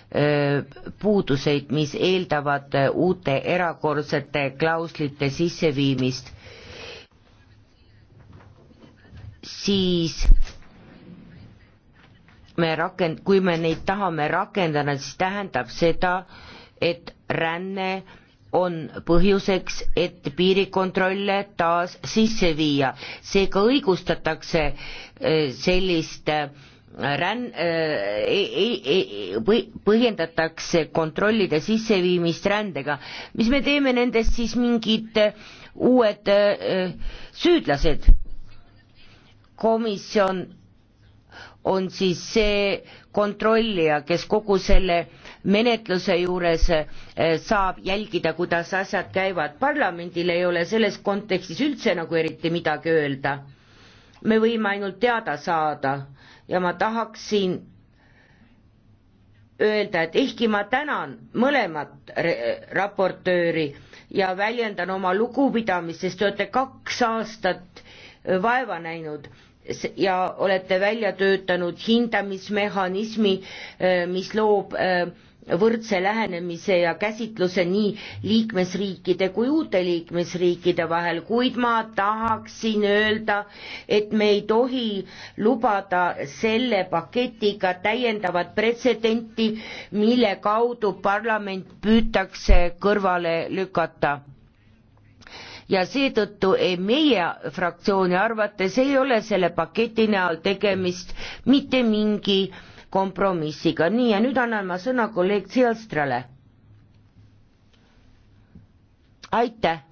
puuduseid, mis eeldavad äh, uute erakordsete klauslite sisseviimist, siis me rakend-, kui me neid tahame rakendada, siis tähendab seda, et ränne on põhjuseks, et piirikontrolle taas sisse viia. seega õigustatakse äh, sellist äh, ränn- äh,, põhjendatakse kontrollide sisseviimist rändega, mis me teeme nendest siis mingid äh, uued äh, süüdlased? komisjon on siis see kontrollija, kes kogu selle menetluse juures äh, saab jälgida, kuidas asjad käivad. parlamendil ei ole selles kontekstis üldse nagu eriti midagi öelda me võime ainult teada saada ja ma tahaksin öelda, et ehkki ma tänan mõlemat raportööri ja väljendan oma lugupidamist, sest te olete kaks aastat vaeva näinud ja olete välja töötanud hindamismehhanismi, eh, mis loob äh, võrdse lähenemise ja käsitluse nii liikmesriikide kui uute liikmesriikide vahel, kuid ma tahaksin öelda, et me ei tohi lubada selle paketiga täiendavat pretsedenti, mille kaudu parlament püütakse kõrvale lükata ja seetõttu meie fraktsiooni arvates ei ole selle paketi näol tegemist mitte mingi äh, kompromissiga. nii, ja nüüd annan ma sõna kolleeg Silstrale. aitäh.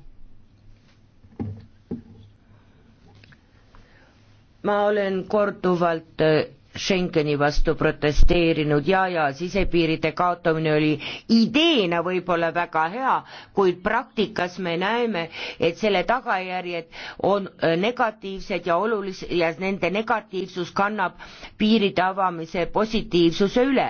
ma olen korduvalt äh, Schengeni vastu protesteerinud ja, ja sisepiiride kaotamine oli ideena võib-olla väga hea, kuid praktikas me näeme, et selle tagajärjed on äh, negatiivsed ja olulis- ja nende negatiivsus kannab piiride avamise positiivsuse üle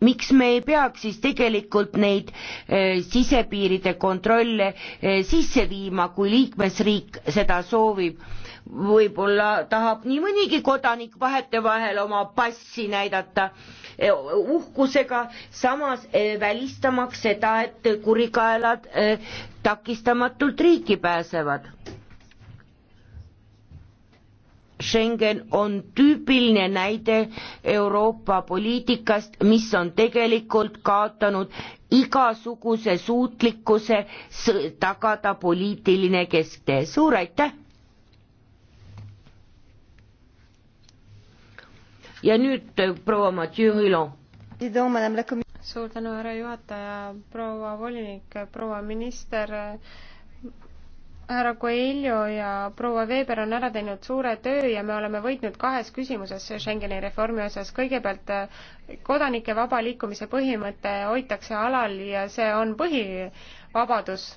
miks me ei peaks siis tegelikult neid e, sisepiiride kontrolle e, sisse viima, kui liikmesriik seda soovib võib-olla tahab nii mõnigi kodanik vahetevahel oma passi näidata e, uhkusega, samas e, välistamaks seda, et kurikaelad e, takistamatult riiki pääsevad. Schengen on tüüpiline näide Euroopa poliitikast, mis on tegelikult kaotanud igasuguse suutlikkuse tagada poliitiline kesktee. suur aitäh! ja nüüd äh, proua Mathieu Hülon. suur tänu, härra juhataja, proua volinik, proua minister härra Coelho ja proua Weber on ära teinud suure töö ja me oleme võitnud kahes küsimuses Schengeni reformi osas. kõigepealt äh, kodanike vaba liikumise põhimõte hoitakse alal ja see on põhivabadus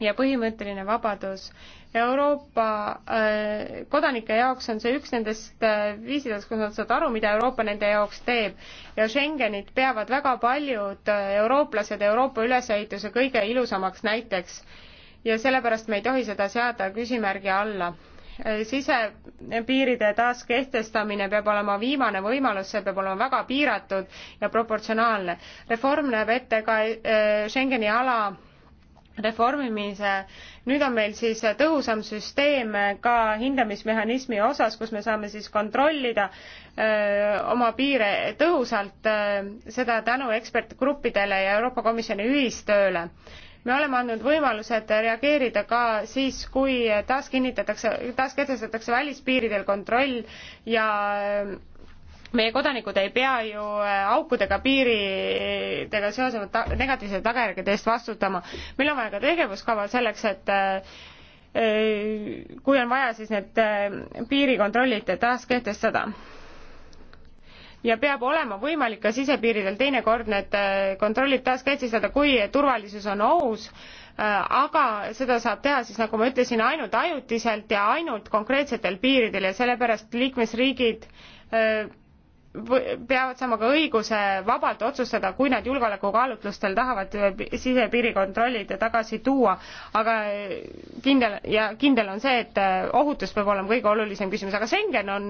ja põhimõtteline vabadus Euroopa äh, kodanike jaoks on see üks nendest äh, viisidest, kus nad saavad aru, mida Euroopa nende jaoks teeb. ja Schengenit peavad väga paljud äh, eurooplased Euroopa ülesehituse kõige ilusamaks näiteks. ja sellepärast me ei tohi seda seada küsimärgi alla sisepiiride taaskehtestamine peab olema viimane võimalus, see peab olema väga piiratud ja proportsionaalne. reform näeb ette ka Schengeni ala reformimise. nüüd on meil siis tõhusam süsteem ka hindamismehhanismi osas, kus me saame siis kontrollida öö, oma piire tõhusalt, seda tänu ekspertgruppidele ja Euroopa Komisjoni ühistööle. me oleme andnud võimalused reageerida ka siis, kui taas kinnitatakse, taas kehtestatakse välispiiridel kontroll ja öö, meie kodanikud ei pea ju äh, aukudega piiridega seosevad ta negatiivsete tagajärgede eest vastutama. meil on vaja ka tegevuskava selleks, et äh, äh, kui on vaja, siis need piirikontrollid taaskehtestada. ja peab olema võimalik ka sisepiiridel teinekord need kontrollid taaskehtestada, kui turvalisus on ohus aga seda saab teha siis nagu ma ütlesin ainult ajutiselt ja ainult konkreetsetel piiridel ja sellepärast liikmesriigid peavad saama ka õiguse vabalt otsustada, kui nad julgeolekukaalutlustel tahavad äh, sisepiiri kontrollida, tagasi tuua, aga äh, kindel ja kindel on see, et äh, ohutus peab olema kõige olulisem küsimus, aga Schengen on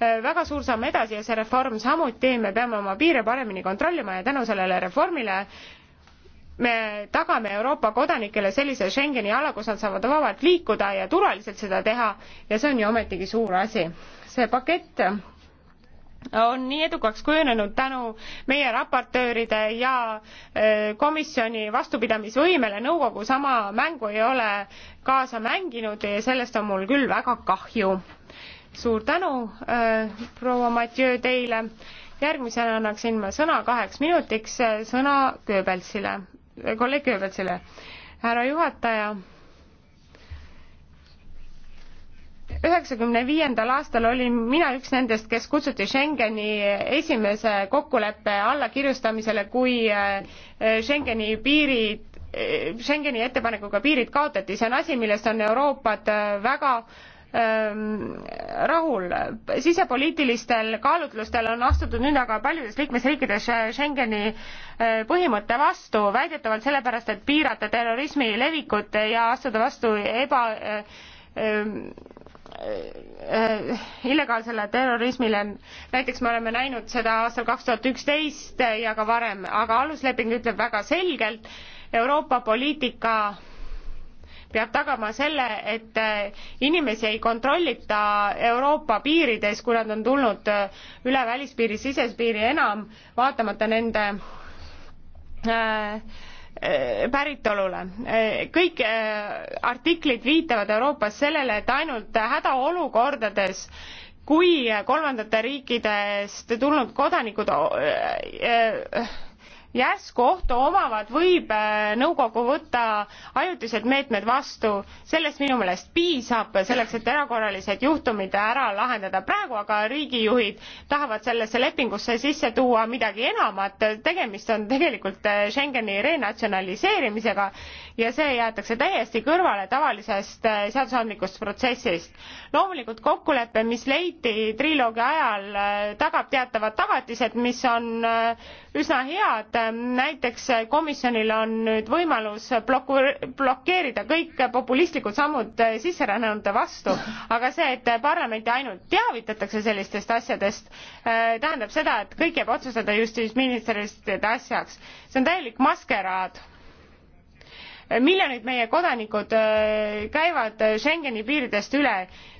väga suur samm edasi ja see reform samuti, me peame oma piire paremini kontrollima ja tänu sellele reformile me tagame Euroopa kodanikele sellise Schengeni ala, kus nad saavad vabalt liikuda ja turvaliselt seda teha ja see on ju ometigi suur asi. see pakett on nii edukaks kujunenud tänu meie raportööride ja eh, komisjoni vastupidamisvõimele, nõukogu sama mängu ei ole kaasa mänginud ja sellest on mul küll väga kahju. suur tänu, eh, proua Mathieu teile. järgmisena annaksin ma sõna kaheks minutiks, eh, sõna Goebbelsile, kolleeg Goebbelsile. härra juhataja üheksakümne viiendal aastal olin mina üks nendest, kes kutsuti Schengeni esimese kokkuleppe allakirjustamisele, kui äh, Schengeni piirid äh, Schengeni ettepanekuga piirid kaotati, see on asi, millest on Euroopad äh, väga ähm, rahul. sisepoliitilistel kaalutlustel on astutud nüüd aga paljudes liikmesriikides Schengeni põhimõtte vastu, väidetavalt sellepärast, et piirata terrorismi levikut ja astuda vastu eba ähm, Äh, äh, illegaalsele terrorismile. näiteks me oleme näinud seda aastal kaks tuhat üksteist ja ka varem, aga alusleping ütleb väga selgelt, Euroopa poliitika peab tagama selle, et äh, inimesi ei kontrollita Euroopa piirides, kui nad on tulnud üle välispiiri, sisepiiri enam, vaatamata nende äh, Eh, päritolule. Eh, kõik eh, artiklid viitavad Euroopas sellele, et ainult hädaolukordades kui kolmandate riikidest tulnud kodanikud järsku ohtu omavad, võib äh, nõukogu võtta ajutised meetmed vastu. sellest minu meelest piisab selleks, et erakorralised juhtumid ära lahendada. praegu aga riigijuhid tahavad sellesse lepingusse sisse tuua midagi enamat. tegemist on tegelikult äh, Schengeni renatsionaliseerimisega ja see jäetakse täiesti kõrvale tavalisest äh, seadusandlikust protsessist. loomulikult kokkulepe, mis leiti triloogi ajal, tagab teatavad tagatised, mis on üsna head, äh, näiteks äh, komisjonil on nüüd võimalus bloku-, blokeerida kõik populistlikud sammud äh, sisserännanute vastu, aga see, et parlamenti ainult teavitatakse sellistest asjadest, tähendab seda, et kõik jääb otsustada justiitsministrite asjaks. see on täielik maskeraad miljonid meie kodanikud käivad Schengeni piiridest üle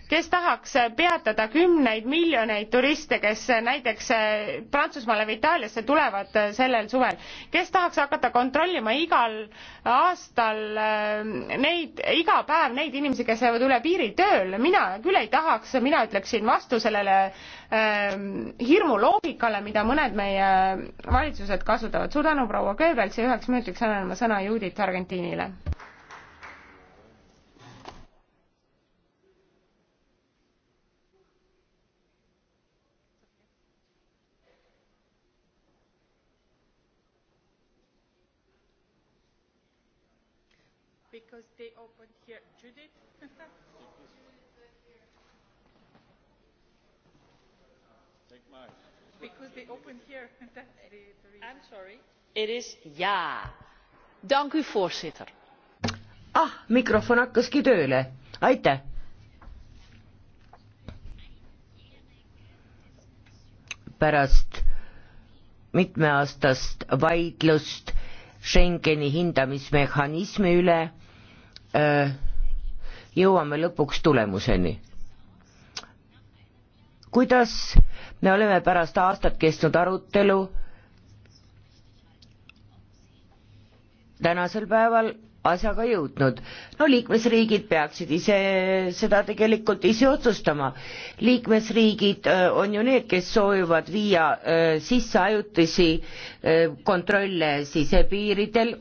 kes tahaks peatada kümneid miljoneid turiste kes näiteks eh, prantsusmaale või itaaliasse tulevad eh, sellel suvel kes tahaks hakata kontrollima igal aastal eh, neid iga päev neid inimesi kes lähevad üle piiri tööle mina küll ei tahaks mina ütleksin vastu sellele ähm, hirmuloogikale mida mõned meie valitsused kasutavad suur tänu proua goebbels ja üheks minutiks annan ma sõna judith argentiinile open here. Judith? Take mine. Because they open here. That's the, the I'm sorry. It is ja. Dank u voorzitter. ah, mikrofon hakkaski tööle. aitäh. pärast mitmeaastast vaidlust Schengeni hindamismehhanismi üle Äh, jõuame lõpuks tulemuseni. kuidas me oleme pärast aastat kestnud arutelu tänasel päeval asjaga jõudnud. no liikmesriigid peaksid ise seda tegelikult ise otsustama. liikmesriigid äh, on ju need, kes soovivad viia äh, sisse ajutisi kontrolle sisepiiridel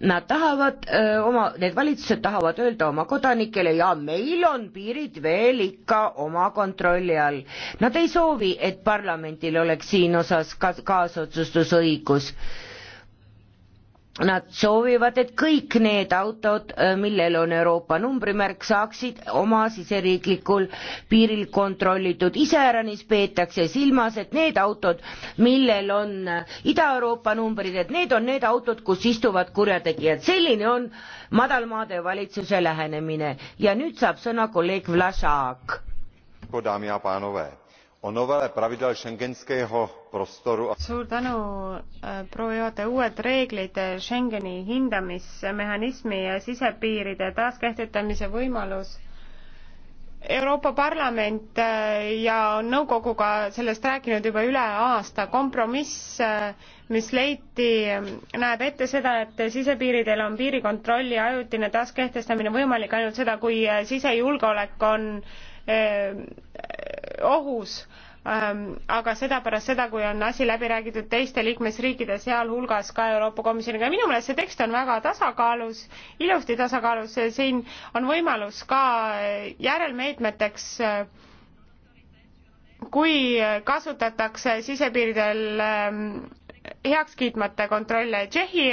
Nad tahavad öö, oma, need valitsused tahavad öelda oma kodanikele ja meil on piirid veel ikka oma kontrolli all. Nad ei soovi, et parlamendil oleks siin osas ka kaasotsustusõigus Nad soovivad, et kõik need autod, äh, millel on Euroopa numbrimärk, saaksid oma siseriiklikul piiril kontrollitud. iseäranis peetakse silmas, et need autod, millel on äh, Ida-Euroopa numbrid, et need on need autod, kus istuvad kurjategijad. selline on madalmaade valitsuse lähenemine ja nüüd saab sõna kolleeg Vlašak o novele pravidel schengenského prostoru a äh, uued reeglid äh, schengeni hindamismehhanismi ja sisepiiride taaskehtestamise võimalus euroopa parlament äh, ja on nõukoguga sellest rääkinud juba üle aasta kompromiss mis leiti näeb ette seda et sisepiiridel on piirikontrolli ajutine taaskehtestamine võimalik ainult seda kui sisejulgeolek on ohus ähm, aga seda pärast seda, kui on asi läbi räägitud teiste liikmesriikide, sealhulgas ka Euroopa Komisjoniga. minu meelest see tekst on väga tasakaalus, ilusti tasakaalus, siin on võimalus ka järelmeetmeteks äh, kui kasutatakse sisepiiridel ähm, heaks kiitmata kontrolle. Tšehhi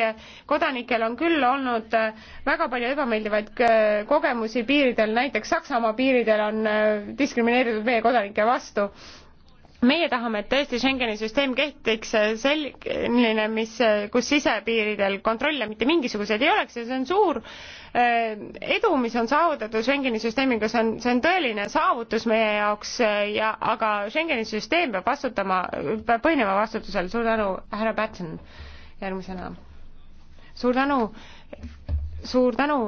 kodanikel on küll olnud äh, väga palju ebameeldivaid äh, kogemusi piiridel, näiteks Saksamaa piiridel on äh, diskrimineeritud meie kodanike vastu meie tahame, et tõesti Schengeni süsteem kehtiks selline, mis, kus sisepiiridel kontrolle mitte mingisuguseid ei oleks ja see on suur äh, Äh, edu, mis on saavutatud Schengeni süsteemiga, see on, see on tõeline saavutus meie jaoks äh, ja, aga Schengeni süsteem peab vastutama, peab põhinema vastutusel. suur tänu, härra Pätsen, järgmisena. suur tänu, suur tänu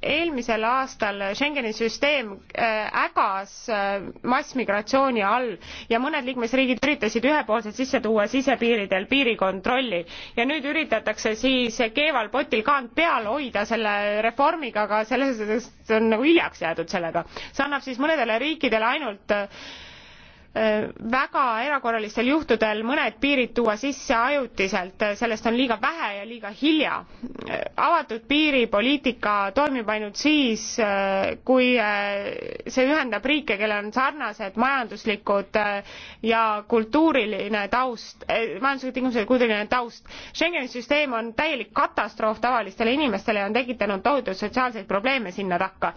eelmisel aastal Schengeni süsteem äh, ägas äh, massmigratsiooni all ja mõned liikmesriigid üritasid ühepoolselt sisse tuua sisepiiridel piirikontrolli ja nüüd üritatakse siis keeval potil kaant peal hoida selle reformiga, aga selles on nagu hiljaks jäädud sellega. see annab siis mõnedele riikidele ainult äh, Äh, väga erakorralistel juhtudel mõned piirid tuua sisse ajutiselt, äh, sellest on liiga vähe ja liiga hilja. Äh, avatud piiripoliitika toimib ainult siis, kui see ühendab riike, kellel on sarnased majanduslikud ja kultuuriline taust, majanduslikud tingimused ja kultuuriline taust. Schengeni süsteem on täielik katastroof tavalistele inimestele ja on tekitanud tohutuid sotsiaalseid probleeme sinna takka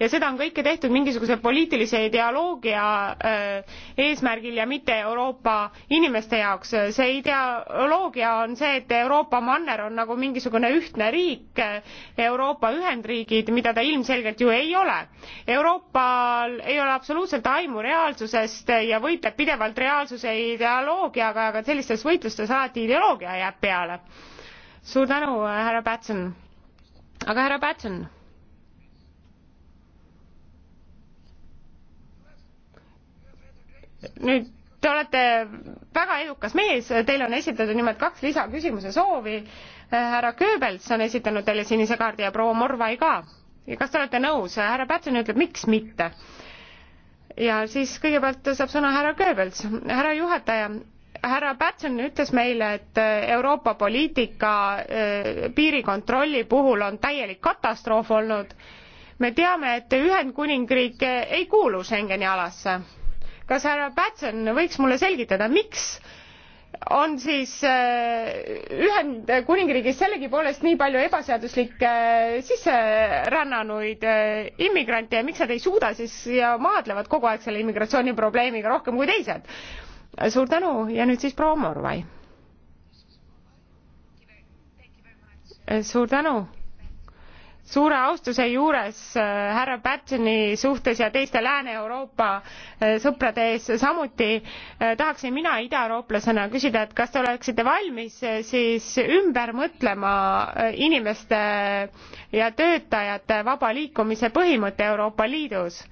ja seda on kõike tehtud mingisuguse poliitilise ideoloogia äh, eesmärgil ja mitte Euroopa inimeste jaoks. see ideoloogia on see, et Euroopa manner on nagu mingisugune ühtne riik, Euroopa Ühendriigid, mida ta ilmselgelt ju ei ole. Euroopal ei ole absoluutselt aimu reaalsusest ja võitleb pidevalt reaalsuse ideoloogiaga, aga sellistes võitlustes alati ideoloogia jääb peale. suur tänu, äh, härra Pätson. aga härra Pätson nüüd te olete väga edukas mees, teile on esitatud nimelt kaks lisaküsimuse soovi. Äh, härra Goebbels on esitanud teile sinise kaardi ja proua Morvai ka. ja kas te olete nõus? härra Pätsen ütleb, miks mitte. ja siis kõigepealt saab sõna härra Goebbels. härra juhataja, härra Pätsen ütles meile, et äh, Euroopa poliitika äh, piirikontrolli puhul on täielik katastroof olnud. me teame, et Ühendkuningriik ei kuulu Schengeni alasse kas härra Pätson võiks mulle selgitada, miks on siis äh, Ühendkuningriigis sellegipoolest nii palju ebaseaduslikke äh, sisserännanuid äh, immigrante ja miks nad ei suuda siis ja maadlevad kogu aeg selle immigratsiooniprobleemiga rohkem kui teised? suur tänu ja nüüd siis proua Morvai. suur tänu suure austuse juures äh, härra Batteni suhtes ja teiste Lääne-Euroopa äh, sõprade ees samuti äh, tahaksin mina idaeurooplasena küsida, et kas te oleksite valmis siis ümber mõtlema inimeste ja töötajate vaba liikumise põhimõtte Euroopa Liidus?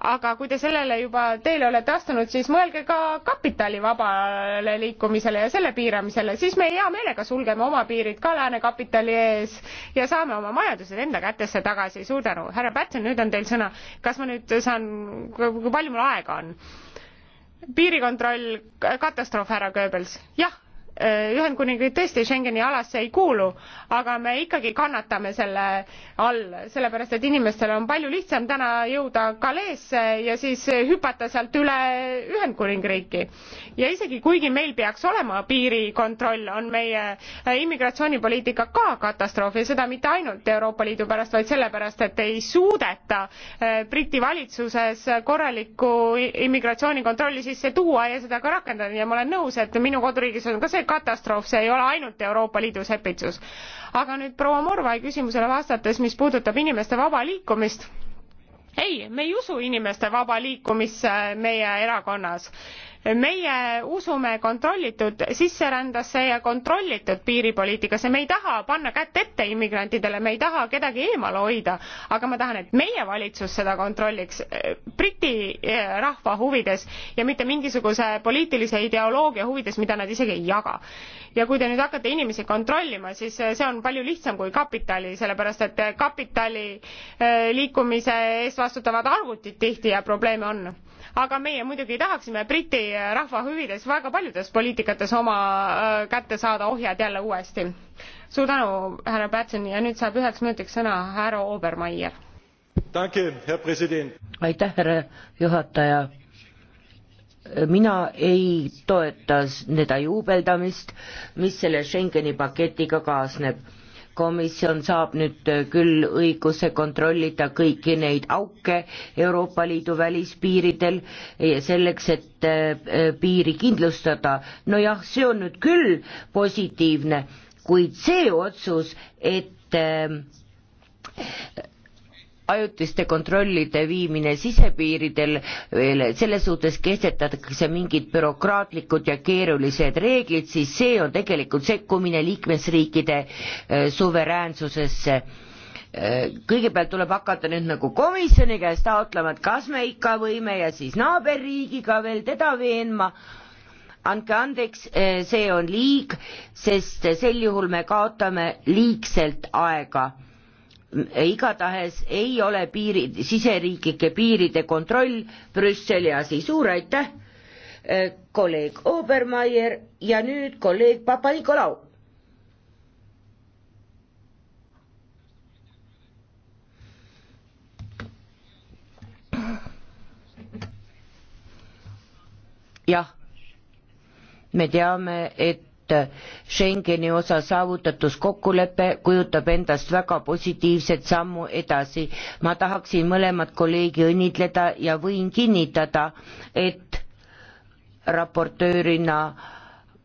aga kui te sellele juba teele olete astunud, siis mõelge ka kapitali vabale liikumisele ja selle piiramisele, siis me hea meelega sulgeme oma piirid ka lääne kapitali ees ja saame oma majandused enda kätesse tagasi. suur tänu, härra Pätsen, nüüd on teil sõna. kas ma nüüd saan, kui palju mul aega on? piirikontroll, katastroof, härra Goebbels. jah Äh, Ühendkuningriik tõesti Schengeni alasse ei kuulu, aga me ikkagi kannatame selle all, sellepärast et inimestel on palju lihtsam täna jõuda Galeesse ja siis hüpata sealt üle Ühendkuningriiki. ja isegi kuigi meil peaks olema piirikontroll, on meie äh, immigratsioonipoliitika ka katastroof ja seda mitte ainult Euroopa Liidu pärast, vaid sellepärast, et ei suudeta äh, Briti valitsuses korralikku immigratsioonikontrolli sisse tuua ja seda ka rakendada ja ma olen nõus, et minu koduriigis on ka see katastroof, see ei ole ainult Euroopa Liidu sepitsus. aga nüüd proua Morvai küsimusele vastates, mis puudutab inimeste vaba liikumist, ei, me ei usu inimeste vaba liikumisse meie erakonnas meie usume kontrollitud sisserändesse ja kontrollitud piiripoliitikasse, me ei taha panna kätt ette immigrantidele, me ei taha kedagi eemale hoida, aga ma tahan, et meie valitsus seda kontrolliks eh, Briti eh, rahva huvides ja mitte mingisuguse poliitilise ideoloogia huvides, mida nad isegi ei jaga. ja kui te nüüd hakkate inimesi kontrollima, siis eh, see on palju lihtsam kui kapitali, sellepärast et kapitali liikumise eest vastutavad arvutid tihti ja probleeme on aga meie muidugi tahaksime Briti rahva hüvides väga paljudes poliitikates oma äh, kätte saada ohjad jälle uuesti. suur tänu, härra Pätsen ja nüüd saab üheks minutiks sõna härra Obermeier. aitäh, härra juhataja mina ei toeta seda juubeldamist, mis selle Schengeni paketiga kaasneb komisjon saab nüüd küll õiguse kontrollida kõiki neid auke Euroopa Liidu välispiiridel selleks, et äh, piiri kindlustada. nojah, see on nüüd küll positiivne, kuid see otsus, et äh, ajutiste kontrollide viimine sisepiiridel, selles suhtes kehtestatakse mingid bürokraatlikud ja keerulised reeglid, siis see on tegelikult sekkumine liikmesriikide äh, suveräänsusesse äh, kõigepealt tuleb hakata nüüd nagu komisjoni käest taotlema, et kas me ikka võime ja siis naaberriigiga veel teda veenma andke andeks, äh, see on liig, sest sel juhul me kaotame liigselt aega igatahes ei ole piirid, siseriiklike piiride kontroll Brüsseli asi, suur aitäh, äh, kolleeg Obermeier ja nüüd kolleeg Papa-Nikolau. jah, me teame, et et Schengeni osa saavutatus kokkulepe kujutab endast väga positiivset sammu edasi. ma tahaksin mõlemat kolleegi õnnitleda ja võin kinnitada, et raportöörina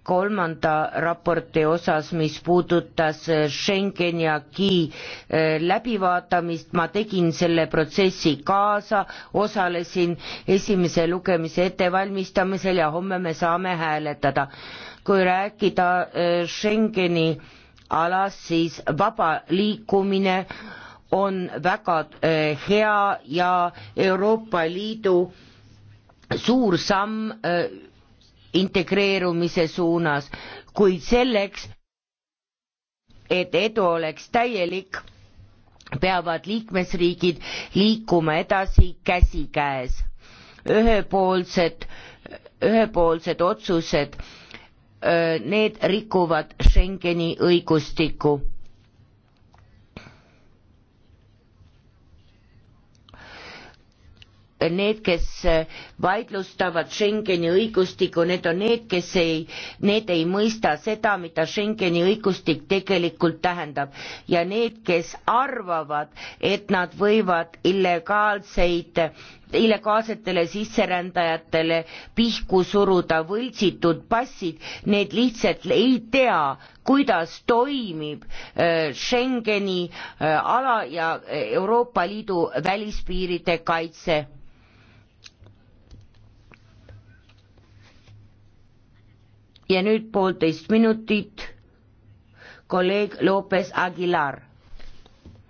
kolmanda raporti osas, mis puudutas Schengeni aki eh, läbivaatamist, ma tegin selle protsessi kaasa, osalesin esimese lugemise ettevalmistamisel ja homme me saame hääletada kui rääkida äh, Schengeni alas, siis vaba liikumine on väga äh, hea ja Euroopa Liidu suur samm äh, integreerumise suunas, kuid selleks, et edu oleks täielik, peavad liikmesriigid liikuma edasi käsikäes. ühepoolsed, ühepoolsed otsused need rikuvad Schengeni õigustikku. Need, kes vaidlustavad Schengeni õigustiku, need on need, kes ei, need ei mõista seda, mida Schengeni õigustik tegelikult tähendab ja need, kes arvavad, et nad võivad illegaalseid illegaalsetele sisserändajatele pihku suruda võltsitud passid, need lihtsalt ei tea, kuidas toimib äh, Schengeni äh, ala ja äh, Euroopa Liidu välispiiride kaitse. ja nüüd poolteist minutit kolleeg Lopez Aguilar.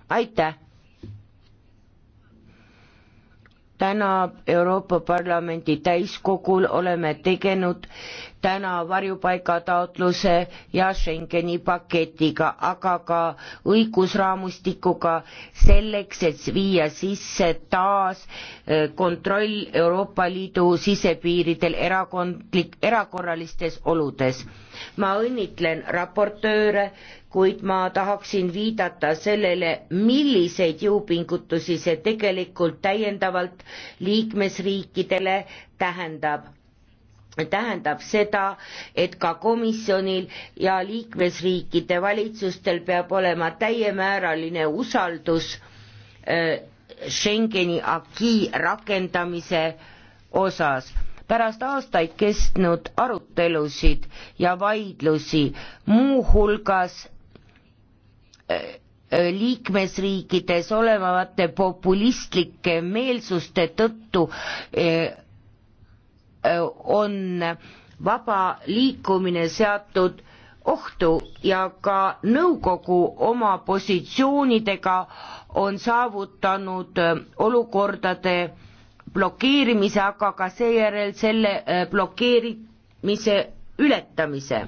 aitäh täna Euroopa Parlamendi täiskogul oleme tegelenud täna varjupaigataotluse ja Schengeni paketiga, aga ka õigusraamustikuga selleks, et viia sisse taas eh, kontroll Euroopa Liidu sisepiiridel erakondlik, erakorralistes oludes ma õnnitlen raportööre, kuid ma tahaksin viidata sellele, milliseid jõupingutusi see tegelikult täiendavalt liikmesriikidele tähendab tähendab seda, et ka komisjonil ja liikmesriikide valitsustel peab olema täiemääraline usaldus äh, Schengeni aki rakendamise osas pärast aastaid kestnud arutelusid ja vaidlusi, muuhulgas äh, äh, liikmesriikides olevate populistlike meelsuste tõttu äh, on vaba liikumine seatud ohtu ja ka nõukogu oma positsioonidega on saavutanud olukordade blokeerimise, aga ka seejärel selle äh, blokeerimise ületamise.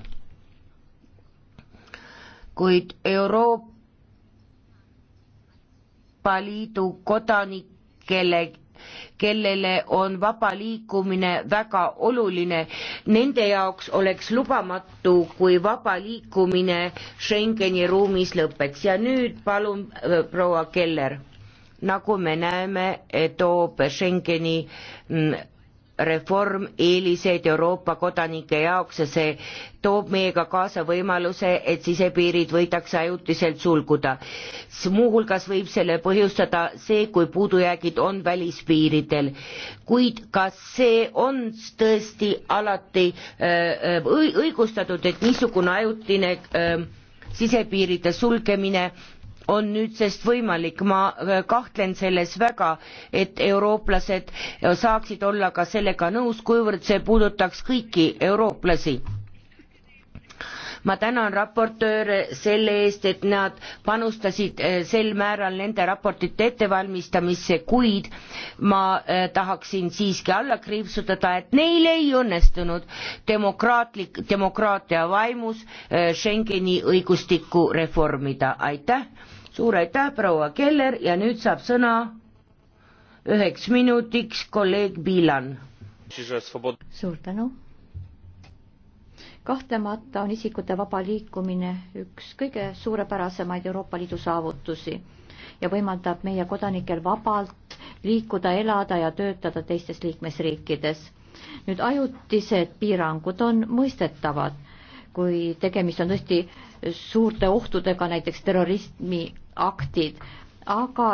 kuid Euroopa Liidu kodanikele kellele on vaba liikumine väga oluline. Nende jaoks oleks lubamatu, kui vaba liikumine Schengeni ruumis lõpeks ja nüüd palun äh, proua Keller nagu me näeme, toob Schengeni mm, reform eeliseid Euroopa kodanike jaoks ja see toob meiega kaasa võimaluse, et sisepiirid võidakse ajutiselt sulguda. muuhulgas võib selle põhjustada see, kui puudujäägid on välispiiridel. kuid kas see on tõesti alati äh, äh, õigustatud, et niisugune ajutine äh, sisepiiride sulgemine on nüüdsest võimalik, ma äh, kahtlen selles väga, et eurooplased äh, saaksid olla ka sellega nõus, kuivõrd see puudutaks kõiki eurooplasi ma tänan raportööre selle eest, et nad panustasid äh, sel määral nende raportite ettevalmistamisse, kuid ma tahaksin siiski alla kriipsutada, et neil ei õnnestunud demokraatlik, demokraatia vaimus Schengeni õigustikku reformida, aitäh suur aitäh, proua Keller ja nüüd saab sõna üheks minutiks kolleeg Bilan. suur tänu. kahtlemata on isikute vaba liikumine üks kõige suurepärasemaid Euroopa Liidu saavutusi ja võimaldab meie kodanikel vabalt liikuda, elada ja töötada teistes liikmesriikides. nüüd ajutised piirangud on mõistetavad, kui tegemist on tõesti suurte ohtudega, näiteks terrorismi aktid, aga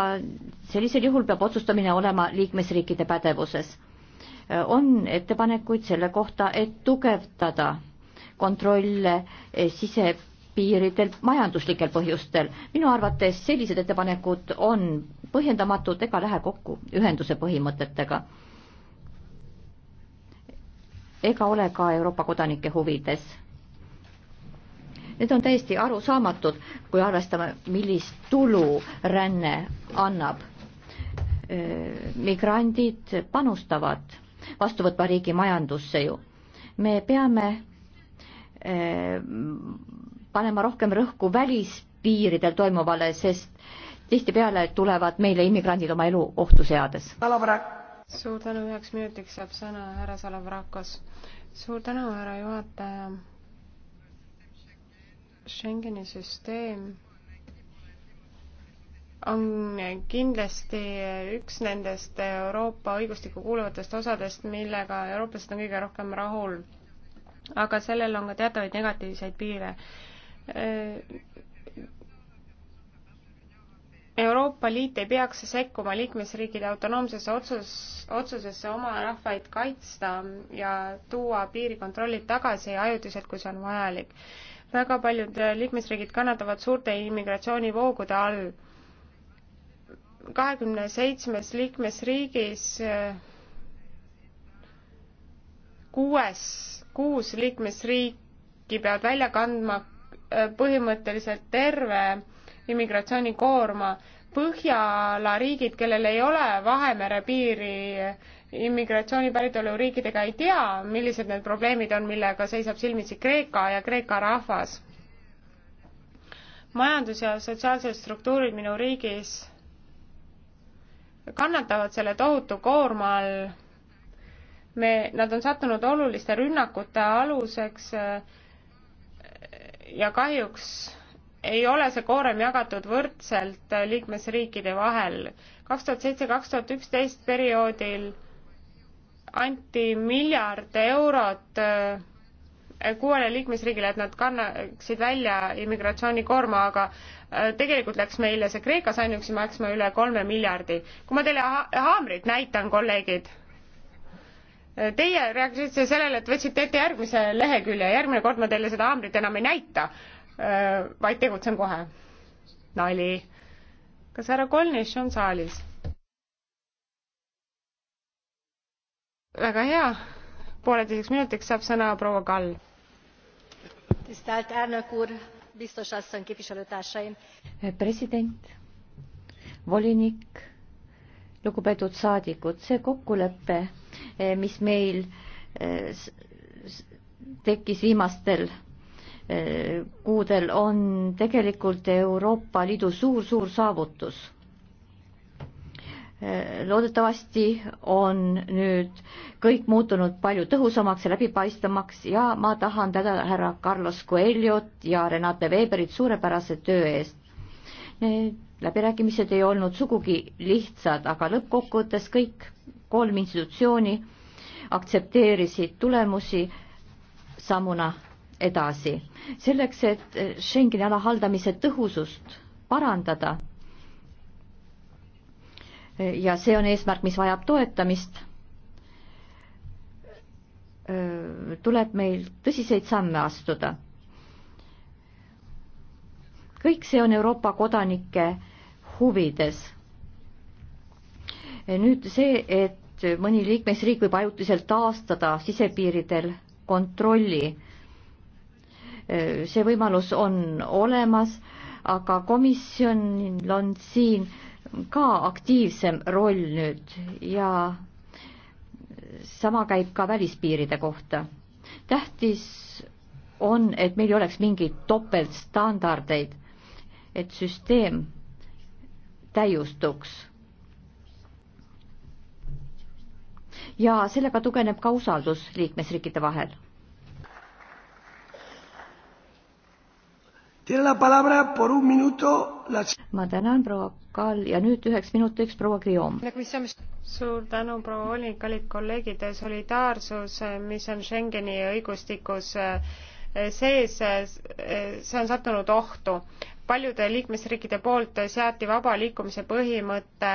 sellisel juhul peab otsustamine olema liikmesriikide pädevuses. on ettepanekuid selle kohta, et tugevdada kontrolle eh, sisepiiridel majanduslikel põhjustel. minu arvates sellised ettepanekud on põhjendamatud ega lähe kokku ühenduse põhimõtetega ega ole ka Euroopa kodanike huvides Need on täiesti arusaamatud, kui arvestame, millist tulu ränne annab. migrandid panustavad vastuvõtva riigi majandusse ju. me peame panema rohkem rõhku välispiiridel toimuvale, sest tihtipeale tulevad meile immigrandid oma elu ohtu seades. suur tänu, üheks minutiks saab sõna härra Salavrakos. suur tänu, härra juhataja Schengeni süsteem on kindlasti üks nendest Euroopa õigustikku kuuluvatest osadest, millega eurooplased on kõige rohkem rahul. aga sellel on ka teatavaid negatiivseid piire. Euroopa Liit ei peaks sekkuma liikmesriikide autonoomsesse otsus, otsusesse oma rahvaid kaitsta ja tuua piirikontrollid tagasi ajutiselt, kui see on vajalik väga paljud äh, liikmesriigid kannatavad suurte immigratsioonivoogude all. kahekümne seitsmes liikmesriigis äh, kuues, kuus liikmesriiki peavad välja kandma äh, põhimõtteliselt terve immigratsioonikoorma. Põhjala riigid, kellel ei ole Vahemere piiri immigratsioonipäritoluriikidega ei tea, millised need probleemid on, millega seisab silmitsi Kreeka ja Kreeka rahvas. majandus- ja sotsiaalsed struktuurid minu riigis kannatavad selle tohutu koorma all. me, nad on sattunud oluliste rünnakute aluseks ja kahjuks ei ole see koorem jagatud võrdselt liikmesriikide vahel. kaks tuhat seitse, kaks tuhat üksteist perioodil anti miljard eurot äh, kuuele liikmesriigile, et nad kannaksid välja immigratsioonikoorma, aga äh, tegelikult läks meile see Kreekas ainuüksi maksma üle kolme miljardi. kui ma teile ha haamrit näitan, kolleegid, äh, teie reageerisite sellele, et võtsite ette järgmise lehekülje, järgmine kord ma teile seda haamrit enam ei näita, vaid tegutsen kohe. nali. kas härra Kolnis on saalis? väga hea, pooleteiseks minutiks saab sõna proua Kall. president, volinik, lugupeetud saadikud, see kokkulepe, mis meil eh, tekkis viimastel eh, kuudel, on tegelikult Euroopa Liidu suur-suur saavutus loodetavasti on nüüd kõik muutunud palju tõhusamaks ja läbipaistvamaks ja ma tahan tänada härra Carlos Coelhot ja Renate Weberit suurepärase töö eest. Need läbirääkimised ei olnud sugugi lihtsad, aga lõppkokkuvõttes kõik kolm institutsiooni aktsepteerisid tulemusi sammuna edasi. selleks, et Schengeni ala haldamise tõhusust parandada ja see on eesmärk, mis vajab toetamist. tuleb meil tõsiseid samme astuda. kõik see on Euroopa kodanike huvides. nüüd see, et mõni liikmesriik võib ajutiselt taastada sisepiiridel kontrolli. see võimalus on olemas, aga komisjonil on siin äh, ka aktiivsem roll nüüd ja sama käib ka välispiiride kohta. tähtis on, et meil ei oleks mingeid topeltstandardeid, et süsteem täiustuks. ja sellega tugevneb ka usaldus liikmesriikide vahel ma tänan, proua Kall ja nüüd üheks minutiks proua Guillaume. suur tänu, proua Olin, kallid kolleegid, solidaarsus, eh, mis on Schengeni õigustikus eh, sees, eh, see on sattunud ohtu. paljude liikmesriikide poolt seati vaba liikumise põhimõte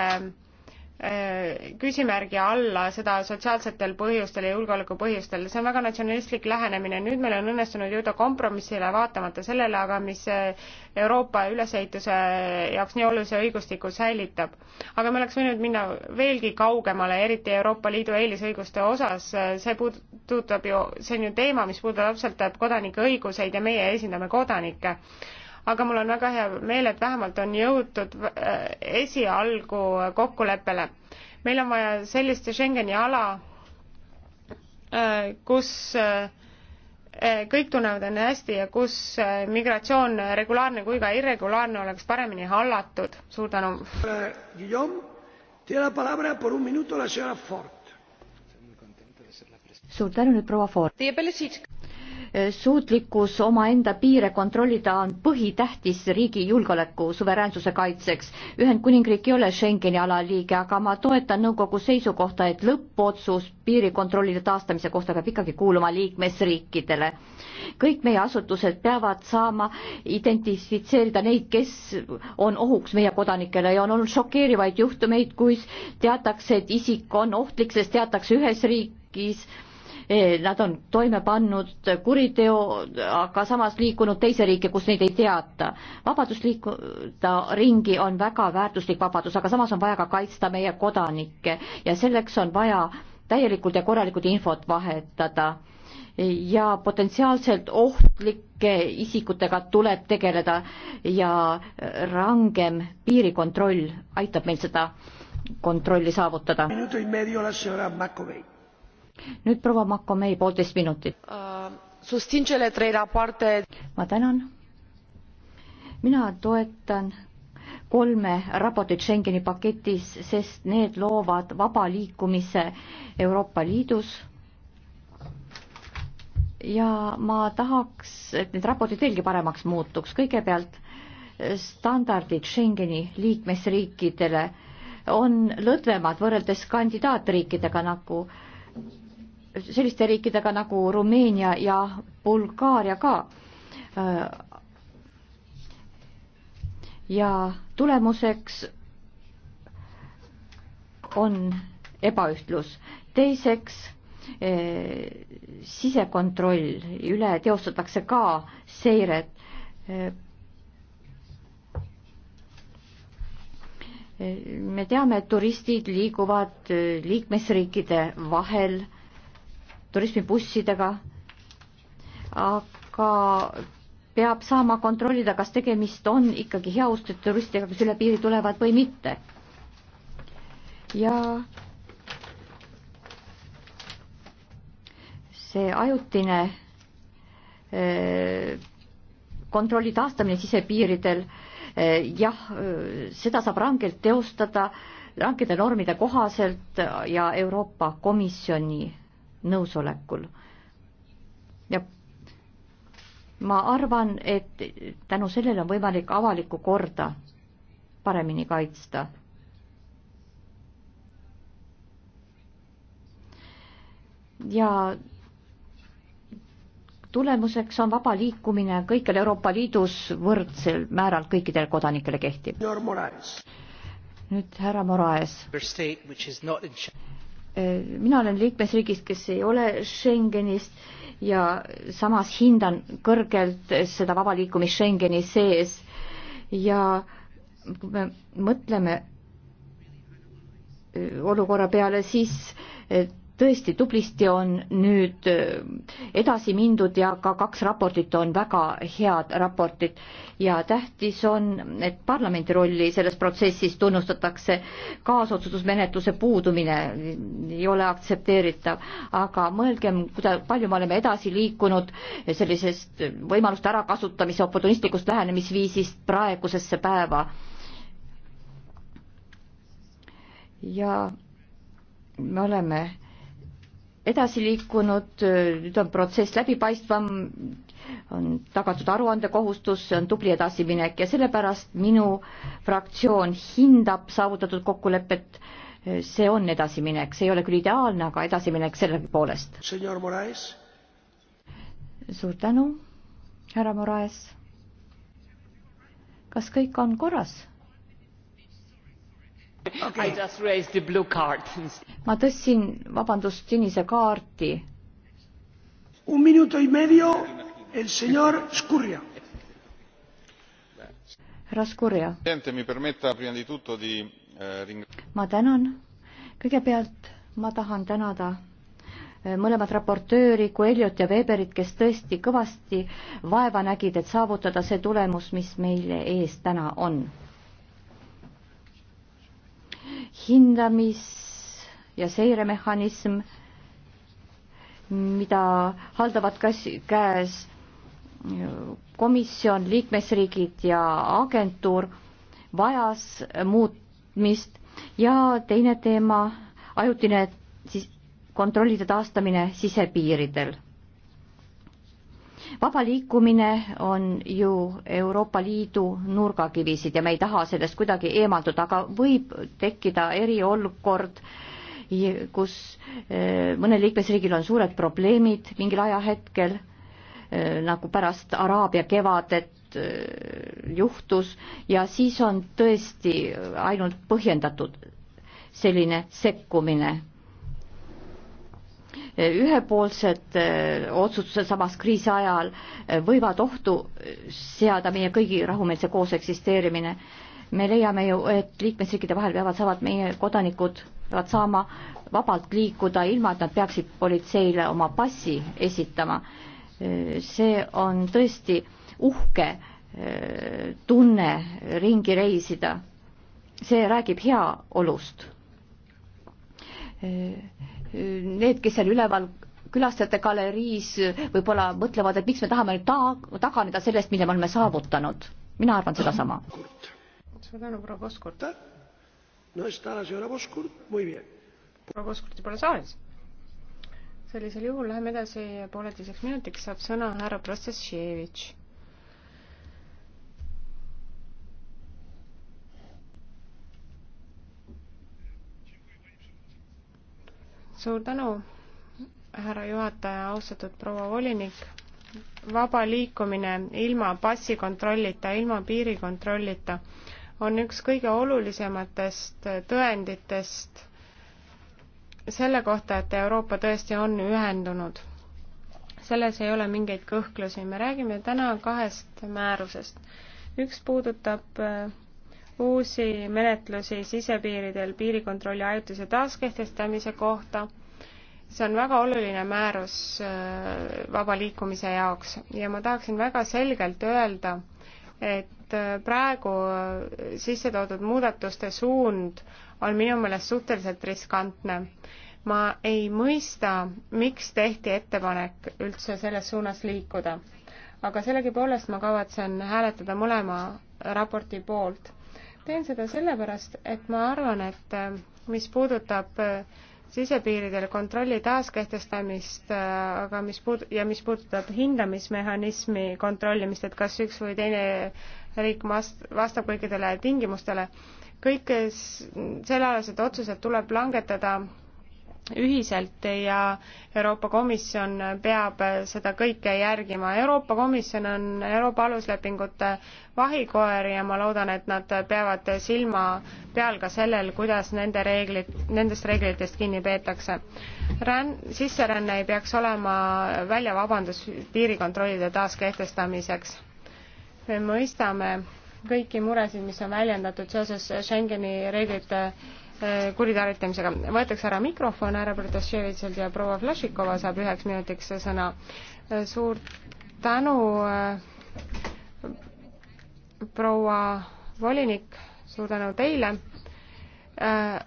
Äh, küsimärgi alla seda sotsiaalsetel põhjustel ja julgeolekupõhjustel. see on väga natsionalistlik lähenemine. nüüd meil on õnnestunud jõuda kompromissile, vaatamata sellele aga, mis äh, Euroopa ülesehituse jaoks nii olulise õigustiku säilitab. aga me oleks võinud minna veelgi kaugemale, eriti Euroopa Liidu eelisõiguste osas. see puudutab ju, see on ju teema, mis puudutab täpselt kodanike õiguseid ja meie esindame kodanikke aga mul on väga hea meel, et vähemalt on jõutud äh, esialgu kokkuleppele. meil on vaja sellist Schengeni ala, äh, kus äh, kõik tunnevad enne hästi ja kus migratsioon, regulaarne kui ka irregulaarne, oleks paremini hallatud. suur tänu. suur tänu nüüd proua Ford. Eh, suutlikkus omaenda piire kontrollida on põhitähtis riigi julgeoleku suveräänsuse kaitseks. Ühendkuningriik ei ole Schengeni ala liige, aga ma toetan nõukogu seisukohta, et lõppotsus piirikontrollide taastamise kohta peab ikkagi kuuluma liikmesriikidele. kõik meie asutused peavad saama identifitseerida neid, kes on ohuks meie kodanikele ja on olnud šokeerivaid juhtumeid, kus teatakse, et isik on ohtlik, sest teatakse ühes riigis, Eh, nad on toime pannud kuriteo, aga samas liikunud teise riiki, kus neid ei teata. vabadus liikuda ringi on väga väärtuslik vabadus, aga samas on vaja ka kaitsta meie kodanikke ja selleks on vaja täielikult ja korralikult infot vahetada ja potentsiaalselt ohtlike isikutega tuleb tegeleda ja rangem piirikontroll aitab meil seda kontrolli saavutada nüüd proua Makomei, poolteist minutit uh,. susțin cele trei rapoarte. ma tänan. mina toetan kolme raportit Schengeni paketis, sest need loovad vaba liikumise Euroopa Liidus. ja ma tahaks, et need raportid veelgi paremaks muutuks, kõigepealt standardid Schengeni liikmesriikidele on lõdvemad võrreldes kandidaatriikidega nagu selliste riikidega nagu Rumeenia ja Bulgaaria ka. ja tulemuseks on ebaühtlus. teiseks eh,, sisekontroll üle teostatakse ka seiret eh,. me teame, et turistid liiguvad eh, liikmesriikide vahel turismibussidega, aga peab saama kontrollida, kas tegemist on ikkagi heausklikud turistidega, kes üle piiri tulevad või mitte. ja see ajutine e, kontrolli taastamine sisepiiridel, e, jah, e, seda saab rangelt teostada rangede normide kohaselt ja Euroopa Komisjoni nõusolekul. ja ma arvan, et tänu sellele on võimalik avalikku korda paremini kaitsta. ja tulemuseks on vaba liikumine kõikjal Euroopa Liidus võrdsel määral kõikidele kodanikele kehtib. nüüd härra Moraes Äh, mina olen liikmesriigist, kes ei ole Schengenist ja samas hindan kõrgelt seda vaba liikumist Schengeni sees ja kui me mõtleme äh, olukorra peale, siis äh, tõesti tublisti on nüüd äh, edasi mindud ja ka kaks raportit on väga head raportid ja tähtis on, et parlamendi rolli selles protsessis tunnustatakse. kaasotsustusmenetluse puudumine ei ole aktsepteeritav, aga mõelgem, kuida-, palju me oleme edasi liikunud sellisest võimaluste ärakasutamise oportunistlikust lähenemisviisist praegusesse päeva. ja me oleme edasi liikunud, nüüd on protsess läbipaistvam, on tagatud aruandekohustus, see on tubli edasiminek ja sellepärast minu fraktsioon hindab saavutatud kokkulepet. see on edasiminek, see ei ole küll ideaalne, aga edasiminek sellegipoolest. suur tänu, härra Moraes. kas kõik on korras? okay.. ma tõstsin, vabandust, sinise kaardi. Un minuto y medio el señor Scurria. härra Scurria. Eh, ma tänan. kõigepealt ma tahan tänada eh, mõlemat raportööri, Coelhot ja Weberit, kes tõesti kõvasti vaeva nägid, et saavutada see tulemus, mis meil ees täna on hindamis- ja seiremehhanism, mida haldavad kas, käes komisjon, liikmesriigid ja agentuur, vajas muutmist ja teine teema, ajutine siis kontrollide taastamine sisepiiridel vaba liikumine on ju Euroopa Liidu nurgakivisid ja me ei taha sellest kuidagi eemalduda, aga võib tekkida eriolukord, kus äh, mõnel liikmesriigil on suured probleemid mingil ajahetkel, äh, nagu pärast Araabia kevadet äh, juhtus ja siis on tõesti ainult põhjendatud selline sekkumine ühepoolsed äh, otsustused samas kriisi ajal äh, võivad ohtu seada meie kõigi rahumeelse koos eksisteerimine. me leiame ju, et liikmesriikide vahel peavad saavad meie kodanikud, peavad saama vabalt liikuda, ilma et nad peaksid politseile oma passi esitama. Äh, see on tõesti uhke tunne ringi reisida. see räägib heaolust need, kes seal üleval külastajate galeriis võib-olla mõtlevad, et miks me tahame nüüd ta-, taganeda sellest, mille me oleme saavutanud. mina arvan sedasama. suur tänu, proua Poskurt. proua Poskurti pole saalis. sellisel juhul läheme edasi pooleteiseks minutiks, saab sõna härra Protsessjevitš suur tänu, härra juhataja, austatud proua volinik. vaba liikumine ilma passikontrollita, ilma piirikontrollita on üks kõige olulisematest tõenditest selle kohta, et Euroopa tõesti on ühendunud. selles ei ole mingeid kõhklusi, me räägime täna kahest määrusest. üks puudutab äh, uusi menetlusi sisepiiridel piirikontrolli ajutise taaskehtestamise kohta. see on väga oluline määrus äh, vaba liikumise jaoks ja ma tahaksin väga selgelt öelda, et äh, praegu äh, sisse toodud muudatuste suund on minu meelest suhteliselt riskantne. ma ei mõista, miks tehti ettepanek üldse selles suunas liikuda. aga sellegipoolest ma kavatsen hääletada mõlema raporti poolt teen seda sellepärast, et ma arvan, et äh, mis puudutab äh, sisepiiridel kontrolli taaskehtestamist, äh, aga mis puud- ja mis puudutab hindamismehhanismi kontrollimist, et kas üks või teine riik vast-, vastab kõikidele tingimustele, kõik sellealased otsused tuleb langetada ühiselt ja Euroopa Komisjon peab seda kõike järgima. Euroopa Komisjon on Euroopa aluslepingute vahikoer ja ma loodan, et nad peavad silma peal ka sellel, kuidas nende reeglid, nendest reeglitest kinni peetakse. Ränn-, sisseränne ei peaks olema väljavabandus piirikontrollide taaskehtestamiseks. me mõistame kõiki muresid, mis on väljendatud seoses Schengeni reeglite kuritarvitamisega. võetakse ära mikrofon härra Protasevitselt ja proua Flašikova saab üheks minutiks sõna. suur tänu, äh, proua volinik, suur tänu teile. Äh,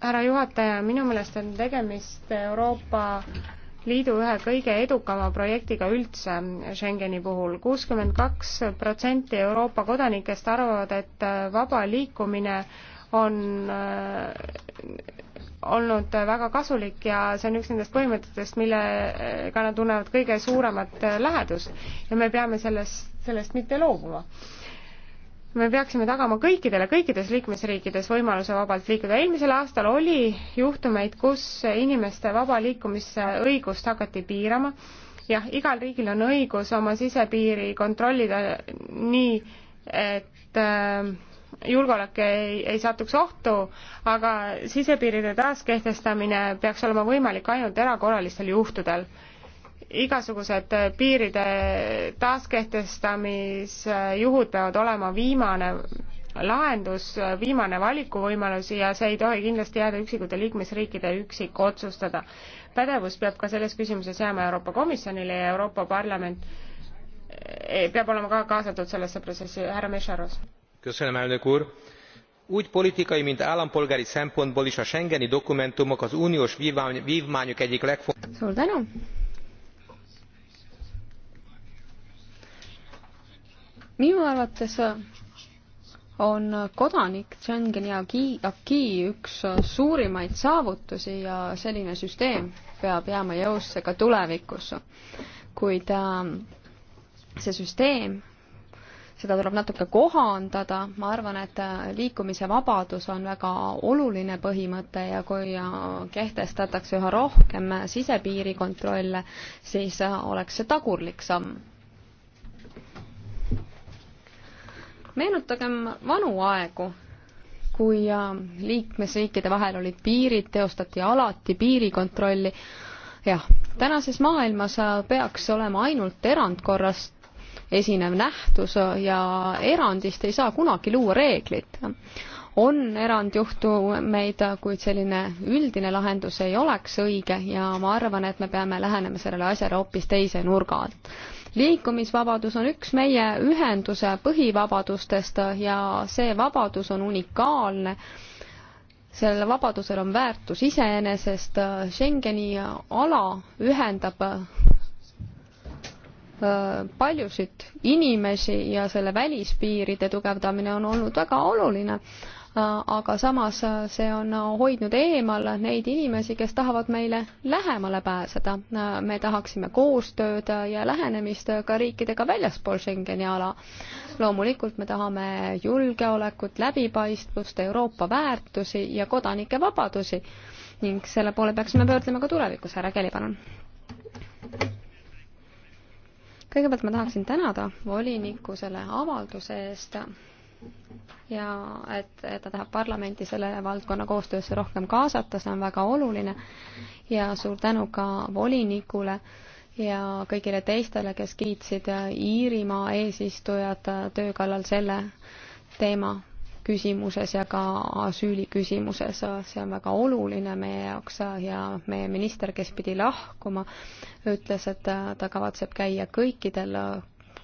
härra juhataja, minu meelest on tegemist Euroopa Liidu ühe kõige edukama projektiga üldse Schengeni puhul. kuuskümmend kaks protsenti Euroopa kodanikest arvavad, et vaba liikumine äh, on äh, olnud väga kasulik ja see on üks nendest põhimõtetest, millega äh, nad tunnevad kõige suuremat äh, lähedust ja me peame sellest, sellest mitte loobuma. me peaksime tagama kõikidele, kõikides liikmesriikides võimaluse vabalt liikuda. eelmisel aastal oli juhtumeid, kus inimeste vaba liikumise õigust hakati piirama. jah, igal riigil on õigus oma sisepiiri kontrollida nii, et äh, julgeolek ei, ei satuks ohtu, aga sisepiiride taaskehtestamine peaks olema võimalik ainult erakorralistel juhtudel. igasugused piiride taaskehestamisjuhud peavad olema viimane lahendus, viimane valikuvõimalus ja see ei tohi kindlasti jääda üksikute liikmesriikide üksik otsustada. pädevus peab ka selles küsimuses jääma Euroopa Komisjonile ja Euroopa Parlament eh, peab olema ka kaasatud sellesse protsessi, härra Mešaros úgy politikai mint állampolgári szempontból is a schengeni dokumentumok az uniós vvmányok egyik legfontosabb minu arvates äh, on kodanik Schengeni aki üks äh, suurimaid saavutusi ja selline süsteem peab jääma jõusse ka tulevikus. kuid ähm, see süsteem seda tuleb natuke kohandada, ma arvan, et äh, liikumise vabadus on väga oluline põhimõte ja kui äh, kehtestatakse üha rohkem äh, sisepiiri kontrolle, siis oleks see tagurlik samm. meenutagem vanu aegu, kui liikmesriikide vahel olid piirid, teostati alati piirikontrolli jah, tänases maailmas peaks olema ainult erandkorras esinev nähtus ja erandist ei saa kunagi luua reeglit. on erandjuhtumeid, kuid selline üldine lahendus ei oleks õige ja ma arvan, et me peame lähenema sellele asjale hoopis teise nurga alt liikumisvabadus on üks meie ühenduse põhivabadustest ja see vabadus on unikaalne. sellel vabadusel on väärtus iseenesest. Schengeni ala ühendab Äh, paljusid inimesi ja selle välispiiride tugevdamine on olnud väga oluline, äh, aga samas äh, see on hoidnud eemal neid inimesi, kes tahavad meile lähemale pääseda. me tahaksime koostööd ja lähenemist ka riikidega väljaspool Schengeni ala. loomulikult me tahame julgeolekut, läbipaistvust, Euroopa väärtusi ja kodanike vabadusi ning selle poole peaksime pöördlema ka tulevikus, härra Keli, palun kõigepealt ma tahaksin tänada volinikku selle avalduse eest ja et, et ta tahab parlamenti selle valdkonna koostöösse rohkem kaasata, see on väga oluline ja suur tänu ka volinikule ja kõigile teistele, kes kiitsid Iirimaa eesistujad töö kallal selle teema küsimuses ja ka asüüli küsimuses. see on väga oluline meie jaoks ja meie minister, kes pidi lahkuma, ütles, et ta kavatseb käia kõikidel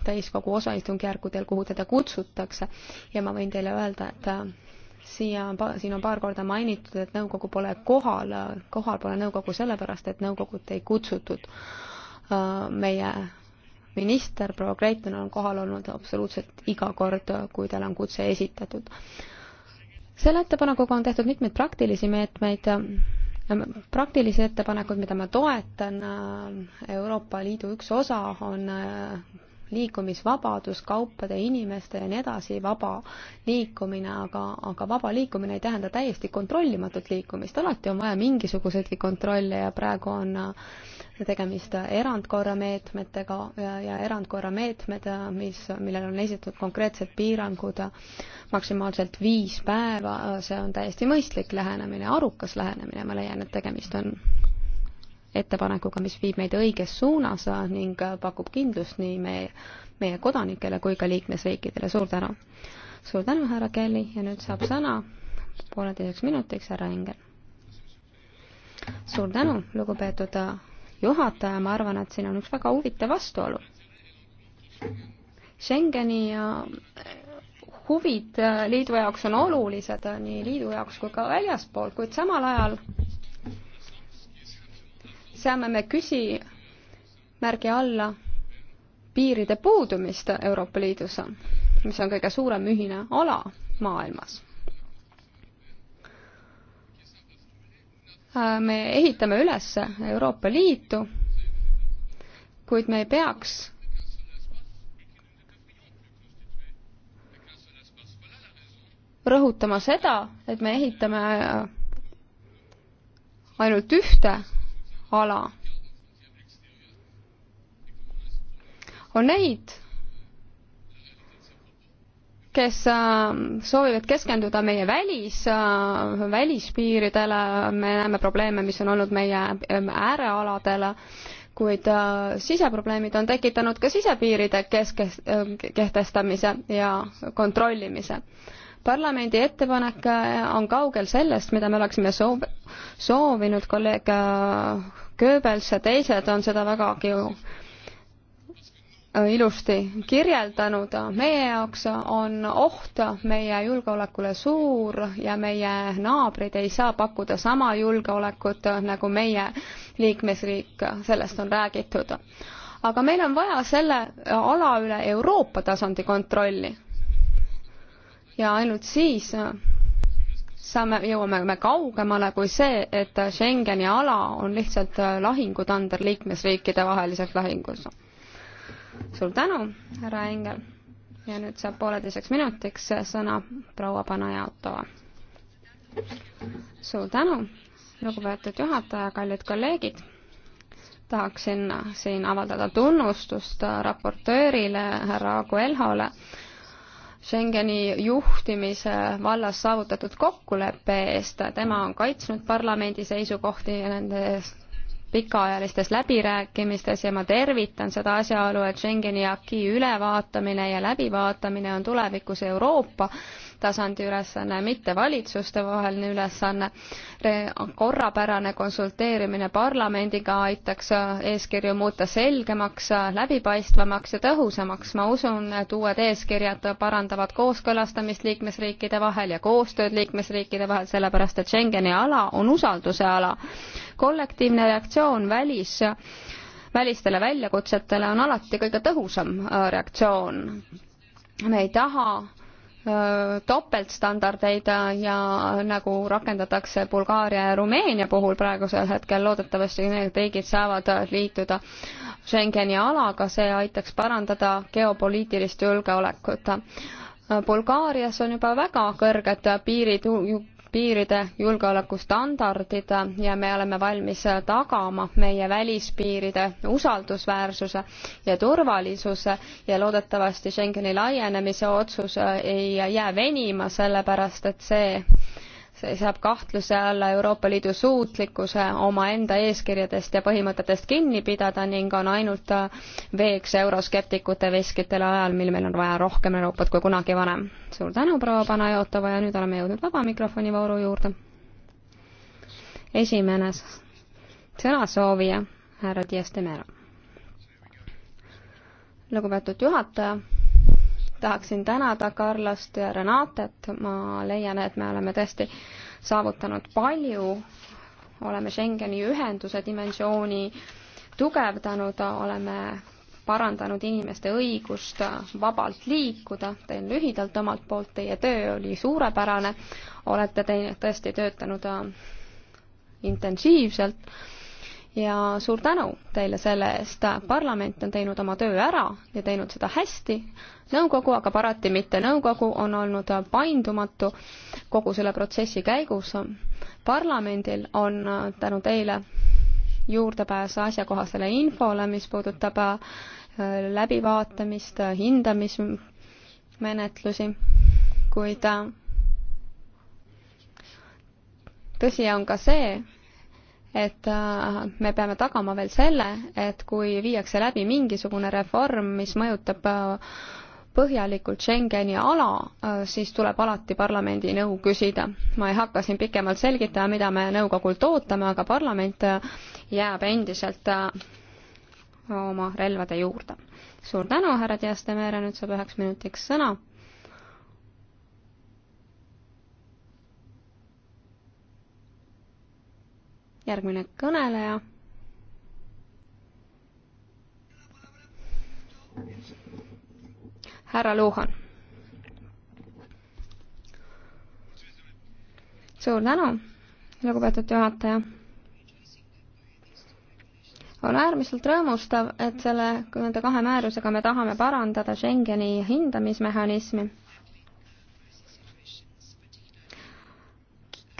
täiskogu osaistungjärgudel, kuhu teda kutsutakse ja ma võin teile öelda, et siia on, siin on paar korda mainitud, et nõukogu pole kohal, kohal pole nõukogu sellepärast, et nõukogud ei kutsutud äh, meie minister proua Kreiton on kohal olnud absoluutselt iga kord, kui talle on kutse esitatud. selle ettepanekuga on tehtud mitmeid praktilisi meetmeid, praktilisi ettepanekuid, mida ma toetan, Euroopa Liidu üks osa on liikumisvabadus, kaupade, inimeste ja nii edasi, vaba liikumine, aga, aga vaba liikumine ei tähenda täiesti kontrollimatut liikumist, alati on vaja mingisuguseidki kontrolle ja praegu on äh, tegemist äh, erandkorrameetmetega ja, ja erandkorrameetmed, äh, mis, millel on esitatud konkreetsed piirangud maksimaalselt viis päeva, see on täiesti mõistlik lähenemine, arukas lähenemine, ma leian, et tegemist on ettepanekuga, mis viib meid õiges suunas ning pakub kindlust nii meie, meie kodanikele kui ka liikmesriikidele. suur tänu! suur tänu, härra Kelly ja nüüd saab sõna pooleteiseks minutiks härra Engel. suur tänu, lugupeetud juhataja, ma arvan, et siin on üks väga huvitav vastuolu. Schengeni ja äh, huvid äh, liidu jaoks on olulised äh, nii liidu jaoks kui ka väljaspoolt, kuid samal ajal seame me küsimärgi alla piiride puudumist Euroopa Liidus, mis on kõige suurem ühine ala maailmas. me ehitame üles Euroopa Liitu, kuid me ei peaks rõhutama seda, et me ehitame ainult ühte ala. on neid, kes ähm, soovivad keskenduda meie välis, äh, välispiiridele, me näeme probleeme, mis on olnud meie ähm, äärealadele, kuid äh, siseprobleemid on tekitanud ka sisepiiride kesk-, kehtestamise ja kontrollimise parlamendi ettepanek äh, on kaugel sellest, mida me oleksime soov-, soovinud, kolleeg äh, Goebbels ja teised on seda vägagi äh, ilusti kirjeldanud, meie jaoks on oht meie julgeolekule suur ja meie naabrid ei saa pakkuda sama julgeolekut nagu meie liikmesriik, sellest on räägitud. aga meil on vaja selle ala üle Euroopa tasandi kontrolli ja ainult siis saame, jõuame me kaugemale kui see, et Schengeni ala on lihtsalt äh, lahingutander liikmesriikide vahelises lahingus. suur tänu, härra Engel. ja nüüd saab pooleteiseks minutiks sõna proua Panajatova. suur tänu, lugupeetud juhataja, kallid kolleegid. tahaksin siin avaldada tunnustust raportöörile härra Agu Elhole Schengeni juhtimise vallas saavutatud kokkuleppe eest, tema on kaitsnud parlamendi seisukohti nendes pikaajalistes läbirääkimistes ja ma tervitan seda asjaolu, et Schengeni aki ülevaatamine ja läbivaatamine on tulevikus Euroopa äh, tasandi ülesanne, mitte valitsustevaheline ülesanne. korrapärane konsulteerimine parlamendiga aitaks eeskirju muuta selgemaks, läbipaistvamaks ja tõhusamaks. ma usun, et uued eeskirjad parandavad kooskõlastamist liikmesriikide vahel ja koostööd liikmesriikide vahel, sellepärast et Schengeni ala on usalduse ala. kollektiivne reaktsioon välis välistele väljakutsetele on alati kõige tõhusam reaktsioon. me ei taha Äh, topeltstandardeid äh, ja äh, nagu rakendatakse Bulgaaria ja Rumeenia puhul praegusel hetkel, loodetavasti need riigid saavad liituda Schengeni alaga, see aitaks parandada geopoliitilist julgeolekut. Bulgaarias on juba väga kõrged piirid piiride julgeolekustandardid ja me oleme valmis tagama meie välispiiride usaldusväärsuse ja turvalisuse ja loodetavasti Schengeni laienemise otsus ei jää venima, sellepärast et see see saab kahtluse alla Euroopa Liidu suutlikkuse omaenda eeskirjadest ja põhimõtetest kinni pidada ning on ainult veeks euroskeptikute veskitele ajal, mil meil on vaja rohkem Euroopat kui kunagi varem. suur tänu, proua Panajotova ja nüüd oleme jõudnud vaba mikrofoni vooru juurde. esimene sõnasoovija, härra Diestemera. lugupeetud juhataja tahaksin tänada Carlost ja Renatet, ma leian, et me oleme tõesti saavutanud palju, oleme Schengeni ühenduse dimensiooni tugevdanud, oleme parandanud inimeste õigust vabalt liikuda, teen lühidalt omalt poolt, teie töö oli suurepärane, olete te tõesti töötanud äh, intensiivselt ja suur tänu teile selle eest, parlament on teinud oma töö ära ja teinud seda hästi, nõukogu, aga parati mitte nõukogu, on olnud paindumatu kogu selle protsessi käigus. parlamendil on tänu teile juurdepääs asjakohasele infole, mis puudutab äh, läbivaatamist, äh, hindamismenetlusi, kuid äh, tõsi on ka see, et me peame tagama veel selle, et kui viiakse läbi mingisugune reform, mis mõjutab põhjalikult Schengeni ala, äh, siis tuleb alati parlamendi nõu küsida. ma ei hakka siin pikemalt selgitama, mida me nõukogult ootame, aga parlament äh, jääb endiselt äh, oma relvade juurde. suur tänu, härra Diastemere, nüüd saab üheks minutiks sõna. järgmine kõneleja härra Luhan. suur tänu, lugupeetud juhataja. on äärmiselt rõõmustav, et selle, nende kahe määrusega me tahame parandada Schengeni hindamismehhanismi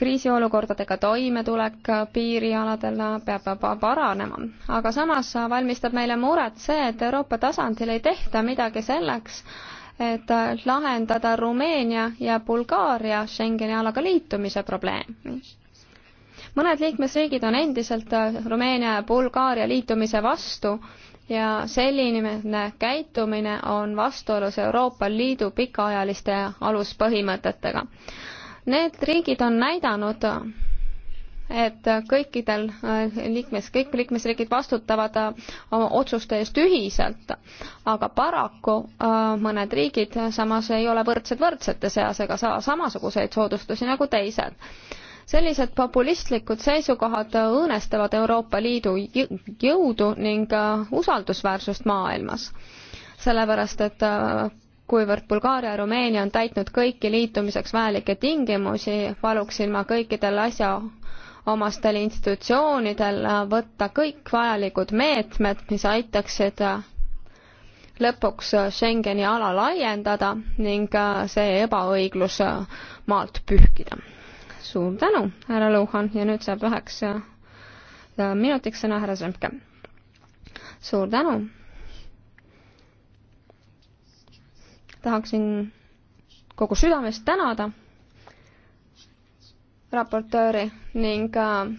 kriisiolukordadega toimetulek piirialadel peab paranema, aga samas valmistab meile muret see, et Euroopa tasandil ei tehta midagi selleks, et lahendada Rumeenia ja Bulgaaria Schengeni alaga liitumise probleem. mõned liikmesriigid on endiselt Rumeenia ja Bulgaaria liitumise vastu ja selline käitumine on vastuolus Euroopa Liidu pikaajaliste aluspõhimõtetega Need riigid on näidanud, et kõikidel äh, liikmes, kõik liikmesriigid vastutavad äh, oma otsuste eest ühiselt, aga paraku äh, mõned riigid samas ei ole võrdsed võrdsete seas ega saa samasuguseid soodustusi nagu teised. sellised populistlikud seisukohad õõnestavad Euroopa Liidu jõudu ning usaldusväärsust maailmas sellepärast et kuivõrd Bulgaaria ja Rumeenia on täitnud kõiki liitumiseks vajalikke tingimusi, paluksin ma kõikidel asjaomastel institutsioonidel äh, võtta kõik vajalikud meetmed, mis aitaksid äh, lõpuks äh, Schengeni ala laiendada ning see ebaõiglus maalt pühkida. suur tänu, härra Luhan, ja nüüd saab üheks minutiks sõna härra Sõmke. suur tänu tahaksin kogu südamest tänada raportööri ning äh,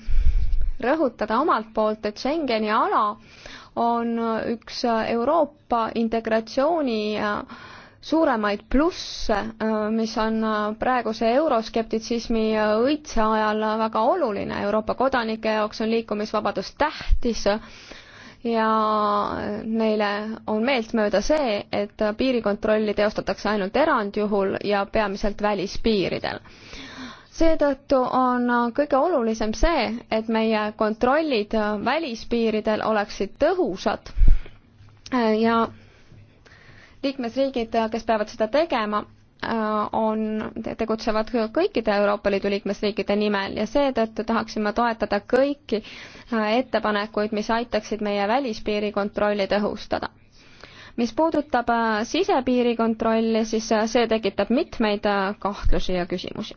rõhutada omalt poolt, et Schengeni ala on üks Euroopa integratsiooni äh, suuremaid plusse, äh, mis on praeguse euroskeptitsismi õitse ajal väga oluline. Euroopa kodanike jaoks on liikumisvabadus tähtis ja neile on meeltmööda see, et piirikontrolli teostatakse ainult erandjuhul ja peamiselt välispiiridel seetõttu on kõige olulisem see, et meie kontrollid välispiiridel oleksid tõhusad ja liikmesriigid, kes peavad seda tegema, Äh, on, tegutsevad kõikide Euroopa Liidu liikmesriikide nimel ja seetõttu tahaksime toetada kõiki äh, ettepanekuid, mis aitaksid meie välispiiri kontrolli tõhustada. mis puudutab äh, sisepiiri kontrolli, siis see tekitab mitmeid kahtlusi ja küsimusi.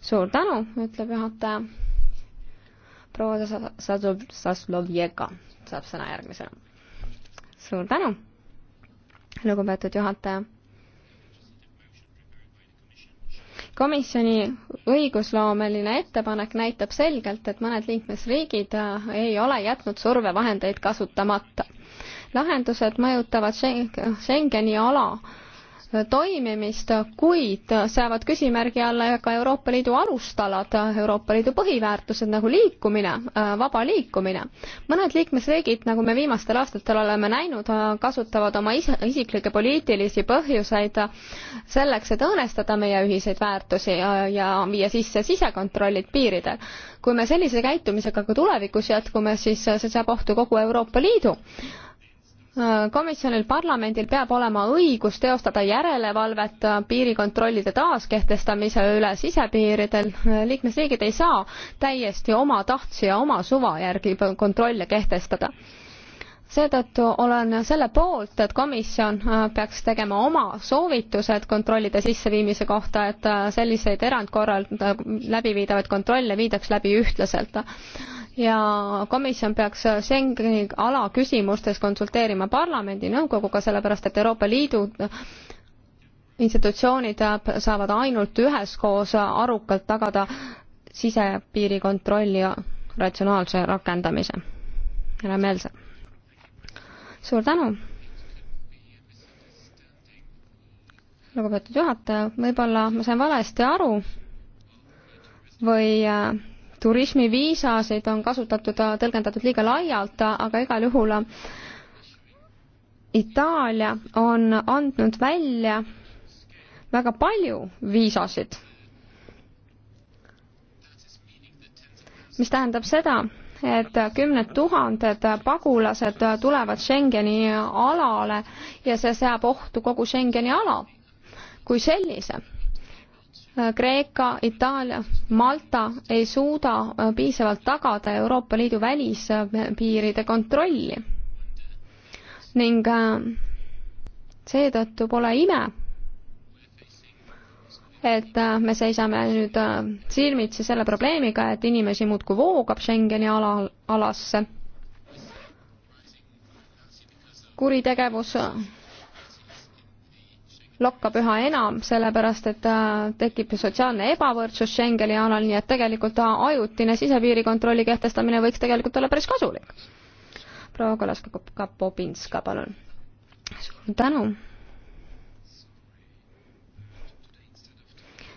suur tänu, ütleb juhataja. proua Saslovjeka saab sõna järgmisena. suur tänu, lugupeetud juhataja komisjoni õigusloomeline ettepanek näitab selgelt, et mõned liikmesriigid äh, ei ole jätnud survevahendeid kasutamata. lahendused mõjutavad Schengeni ala toimimist, kuid seavad küsimärgi alla ka Euroopa Liidu alustalad, Euroopa Liidu põhiväärtused nagu liikumine, vaba liikumine. mõned liikmesriigid, nagu me viimastel aastatel oleme näinud, kasutavad oma is isiklikke poliitilisi põhjuseid selleks, et õõnestada meie ühiseid väärtusi ja viia sisse sisekontrollid piiridel. kui me sellise käitumisega ka tulevikus jätkume, siis see seab ohtu kogu Euroopa Liidu komisjonil, parlamendil peab olema õigus teostada järelevalvet piirikontrollide taaskehtestamise üle sisepiiridel. liikmesriigid ei saa täiesti oma tahtsi ja oma suva järgi kontrolle kehtestada. seetõttu olen selle poolt, et komisjon peaks tegema oma soovitused kontrollide sisseviimise kohta, et selliseid erandkorral läbiviidavaid kontrolle viidaks läbi ühtlaselt ja komisjon peaks Schengeni ala küsimustes konsulteerima parlamendi nõukoguga, sellepärast et Euroopa Liidu institutsioonid saavad ainult üheskoos arukalt tagada sisepiiri kontrolli ja ratsionaalse rakendamise. härra Melser. suur tänu. lugupeetud juhataja, võib-olla ma sain valesti aru või äh, turismiviisasid on kasutatud, tõlgendatud liiga laialt, aga igal juhul Itaalia on andnud välja väga palju viisasid. mis tähendab seda, et kümned tuhanded pagulased tulevad Schengeni alale ja see seab ohtu kogu Schengeni ala kui sellise Kreeka, Itaalia, Malta ei suuda äh, piisavalt tagada Euroopa Liidu välispiiride kontrolli. ning äh, seetõttu pole ime, et äh, me seisame nüüd silmitsi selle probleemiga, et inimesi muudkui voogab Schengeni ala, alasse. kuritegevus lokkab üha enam, sellepärast et äh, tekib sotsiaalne ebavõrdsus Schengeni alal, nii et tegelikult äh, ajutine sisepiirikontrolli kehtestamine võiks tegelikult olla päris kasulik. proua Kalaska-Popinska, palun. suur tänu.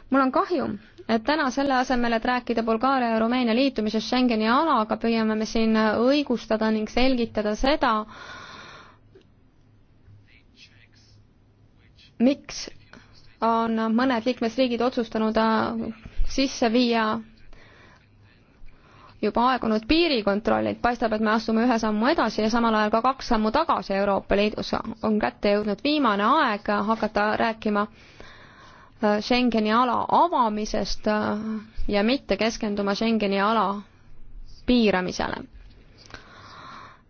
mul on kahju, et täna selle asemel, et rääkida Bulgaaria ja Rumeenia liitumisest Schengeni alaga, püüame me siin õigustada ning selgitada seda, miks on mõned liikmesriigid otsustanud äh, sisse viia juba aegunud piirikontrollid, paistab, et me astume ühe sammu edasi ja samal ajal ka kaks sammu tagasi Euroopa Liidus. on kätte jõudnud viimane aeg hakata rääkima äh, Schengeni ala avamisest äh, ja mitte keskenduma Schengeni ala piiramisele.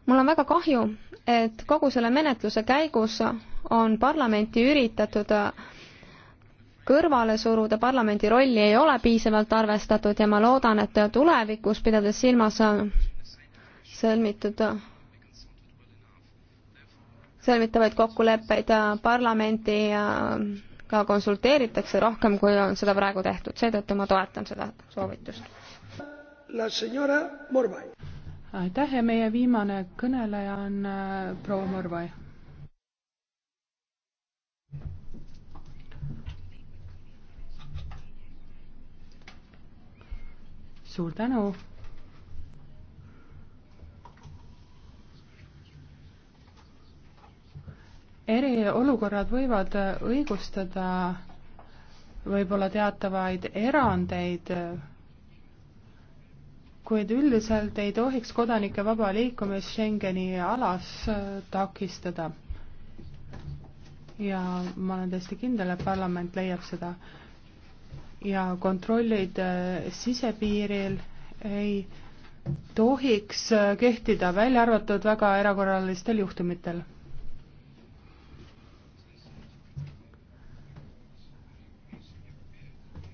mul on väga kahju, et kogu selle menetluse käigus on parlamenti üritatud kõrvale suruda, parlamendi rolli ei ole piisavalt arvestatud ja ma loodan, et tulevikus, pidades silmas sõlmitud, sõlmitavaid kokkuleppeid parlamenti ka konsulteeritakse rohkem, kui on seda praegu tehtud, seetõttu ma toetan seda soovitust. La señora Morvai aitäh ja meie viimane kõneleja on äh, proua Morvai. suur tänu. eriolukorrad võivad äh, õigustada võib-olla teatavaid erandeid äh, kuid üldiselt ei tohiks kodanike vaba liikumist Schengeni alas äh, takistada. ja ma olen täiesti kindel, et parlament leiab seda. ja kontrollid äh, sisepiiril ei tohiks äh, kehtida, välja arvatud väga erakorralistel juhtumitel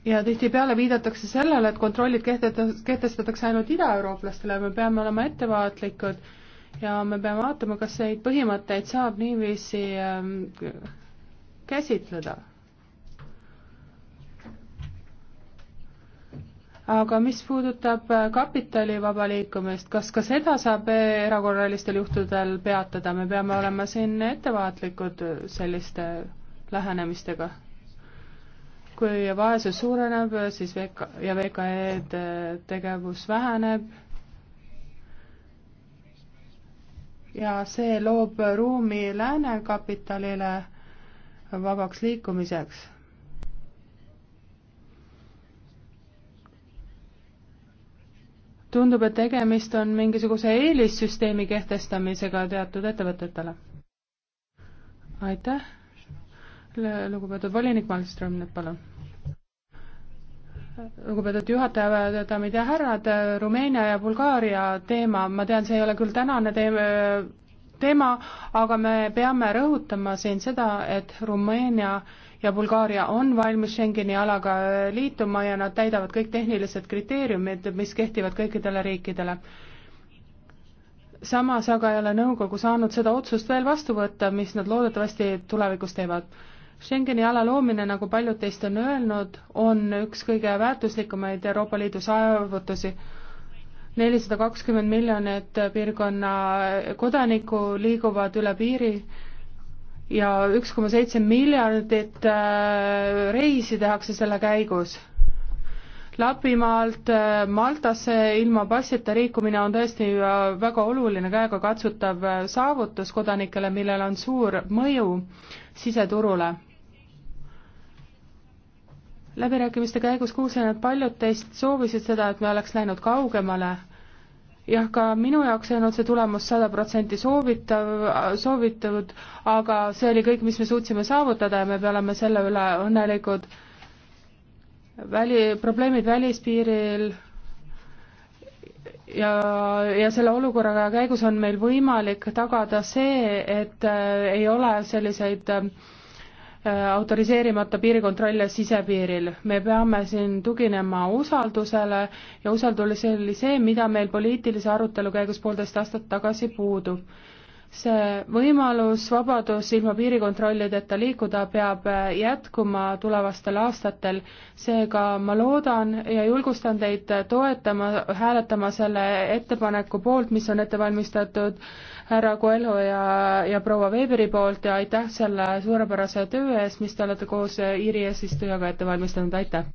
ja tihtipeale viidatakse sellele, et kontrollid kehtetas, kehtestatakse ainult idaeurooplastele, me peame olema ettevaatlikud ja me peame vaatama, kas neid põhimõtteid saab niiviisi ähm, käsitleda. aga mis puudutab äh, kapitali vaba liikumist, kas ka seda saab äh, erakorralistel juhtudel peatada, me peame olema siin ettevaatlikud äh, selliste lähenemistega kui vaesus suureneb, siis VK ja VKE-d tegevus väheneb. ja see loob ruumi läänekapitalile vabaks liikumiseks. tundub, et tegemist on mingisuguse eelissüsteemi kehtestamisega teatud ettevõtetele. aitäh lugupeetud volinik Malmström nüüd palun. lugupeetud juhataja, daamid ja härrad, Rumeenia ja Bulgaaria teema, ma tean, see ei ole küll tänane teema, teema, aga me peame rõhutama siin seda, et Rumeenia ja Bulgaaria on valmis Schengeni alaga liituma ja nad täidavad kõik tehnilised kriteeriumid, mis kehtivad kõikidele riikidele samas aga ei ole nõukogu saanud seda otsust veel vastu võtta, mis nad loodetavasti tulevikus teevad Schengeni ala loomine, nagu paljud teist on öelnud, on üks kõige väärtuslikumaid Euroopa Liidu saavutusi. nelisada kakskümmend miljonit piirkonna kodanikku liiguvad üle piiri ja üks koma seitse miljardit äh, reisi tehakse selle käigus. Lapimaalt äh, Maltasse ilma passita liikumine on tõesti äh, väga oluline käegakatsutav saavutus kodanikele, millel on suur mõju siseturule läbirääkimiste käigus kuulsin, et paljud teist soovisid seda, et me oleks läinud kaugemale. jah, ka minu jaoks ei olnud see tulemus sada protsenti soovitav, soovitud, aga see oli kõik, mis me suutsime saavutada ja me oleme selle üle õnnelikud. väli, probleemid välispiiril ja, ja selle olukorra käigus on meil võimalik tagada see, et äh, ei ole selliseid äh, autoriseerimata piirikontrolle sisepiiril. me peame siin tuginema usaldusele ja usaldus oli see, mida meil poliitilise arutelu käigus poolteist aastat tagasi puudub see võimalus vabadus ilma piirikontrollideta liikuda peab eh, jätkuma tulevastel aastatel, seega ma loodan ja julgustan teid toetama, hääletama selle ettepaneku poolt, mis on ette valmistatud härra Coelho ja, ja proua Weberi poolt ja aitäh selle suurepärase töö eest, mis te olete koos Iiri eesistujaga ette valmistanud, aitäh!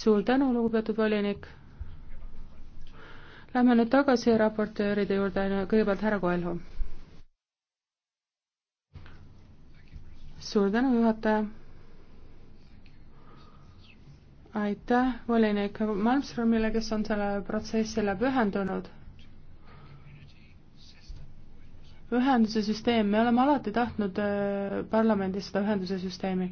suur tänu, lugupeetud volinik! Lähme nüüd tagasi raportööride juurde, kõigepealt härra Coelho suur tänu, juhataja. aitäh volinik Malmströmile, kes on sellele protsessile pühendunud. ühenduse süsteem, me oleme alati tahtnud äh, parlamendis seda ühenduse süsteemi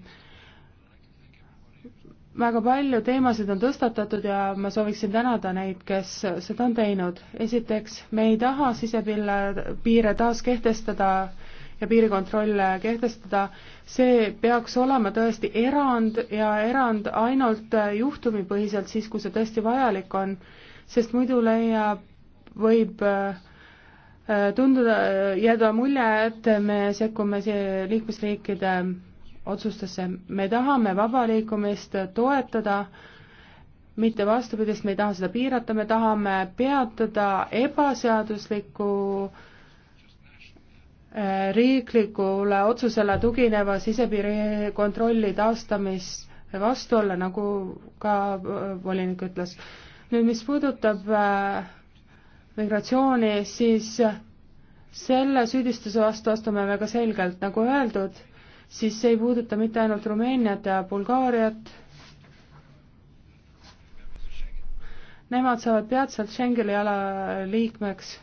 väga palju teemasid on tõstatatud ja ma sooviksin tänada neid, kes seda on teinud. esiteks, me ei taha sisepiire taas kehtestada ja piirikontrolle kehtestada, see peaks olema tõesti erand ja erand ainult juhtumipõhiselt siis, kui see tõesti vajalik on, sest muidu leiab, võib äh, tunduda, jääda mulje, et me sekkume liikmesriikide otsustesse. me tahame vaba liikumist toetada, mitte vastupidist, me ei taha seda piirata, me tahame peatada ebaseadusliku äh, riiklikule otsusele tugineva sisepiirikontrolli taastamist vastu olla, nagu ka äh, volinik ütles. nüüd, mis puudutab äh, migratsiooni, siis selle süüdistuse vastu astume väga selgelt, nagu öeldud, siis see ei puuduta mitte ainult Rumeeniat ja Bulgaariat, nemad saavad peatselt Schengeni ala liikmeks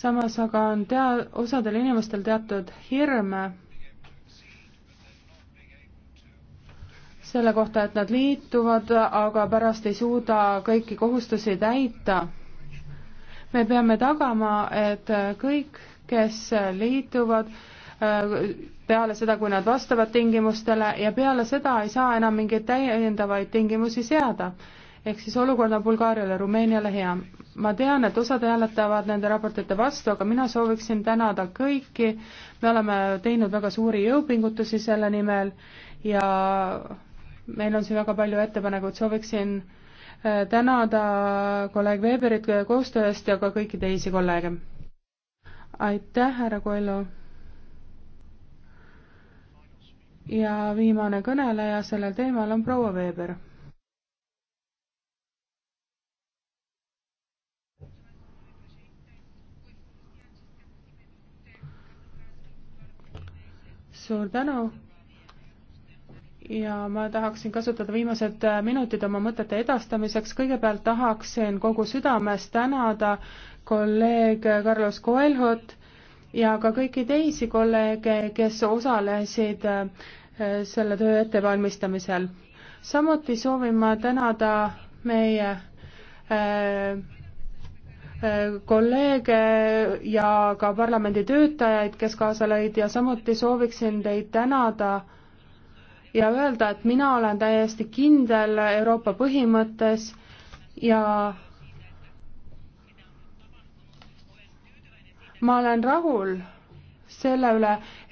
samas aga on tea-, osadel inimestel teatud hirme selle kohta, et nad liituvad, aga pärast ei suuda kõiki kohustusi täita. me peame tagama, et kõik, kes liituvad, äh, peale seda, kui nad vastavad tingimustele ja peale seda ei saa enam mingeid täiendavaid tingimusi seada. ehk siis olukord on Bulgaariale, Rumeeniale hea ma tean, et osad hääletavad nende raportite vastu, aga mina sooviksin tänada kõiki, me oleme teinud väga suuri jõupingutusi selle nimel ja meil on siin väga palju ettepanekuid, sooviksin äh, tänada kolleeg Weberit koostöö eest ja ka kõiki teisi kolleege. aitäh, härra Koilu. ja viimane kõneleja sellel teemal on proua Weber suur tänu ja ma tahaksin kasutada viimased äh, minutid oma mõtete edastamiseks. kõigepealt tahaksin kogu südamest tänada kolleeg Carlos Coelhot ja ka kõiki teisi kolleege, kes osalesid äh, selle töö ettevalmistamisel. samuti soovin ma tänada meie äh, kolleege ja ka parlamendi töötajaid, kes kaasa lõid ja samuti sooviksin teid tänada ja öelda, et mina olen täiesti kindel Euroopa põhimõttes ja ma olen rahul selle üle,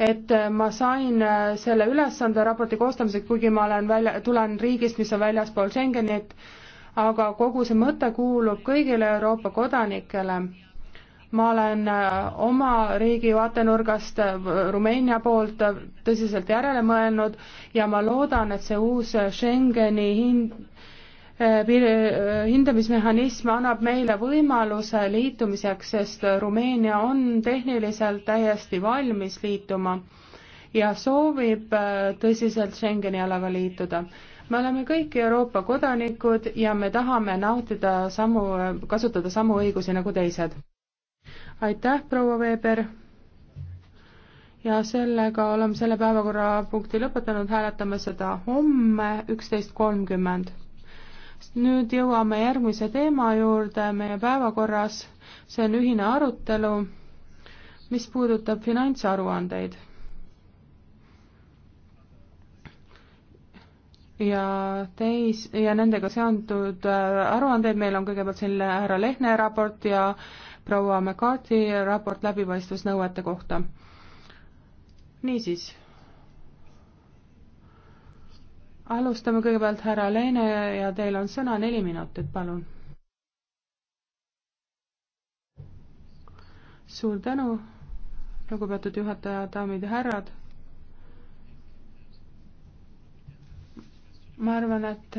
et ma sain selle ülesande raporti koostamiseks, kuigi ma olen välja, tulen riigist, mis on väljaspool Schengenit, aga kogu see mõte kuulub kõigile Euroopa kodanikele. ma olen äh, oma riigi vaatenurgast äh, Rumeenia poolt äh, tõsiselt järele mõelnud ja ma loodan, et see uus Schengeni hind hindamismehhanism annab meile võimaluse liitumiseks, sest Rumeenia on tehniliselt täiesti valmis liituma ja soovib tõsiselt Schengeni alaga liituda me oleme kõik Euroopa kodanikud ja me tahame nautida samu, kasutada samu õigusi nagu teised. aitäh, proua Veber! ja sellega oleme selle päevakorrapunkti lõpetanud, hääletame seda homme üksteist kolmkümmend. nüüd jõuame järgmise teema juurde meie päevakorras, see on ühine arutelu, mis puudutab finantsaruandeid ja teis- ja nendega seondunud äh, aruandeid, meil on kõigepealt siin härra Lehne raport ja proua McCarthy raport läbipaistvusnõuete kohta. niisiis. alustame kõigepealt härra Lehne ja teil on sõna neli minutit, palun. suur tänu, lugupeetud juhataja, daamid ja härrad ma arvan, et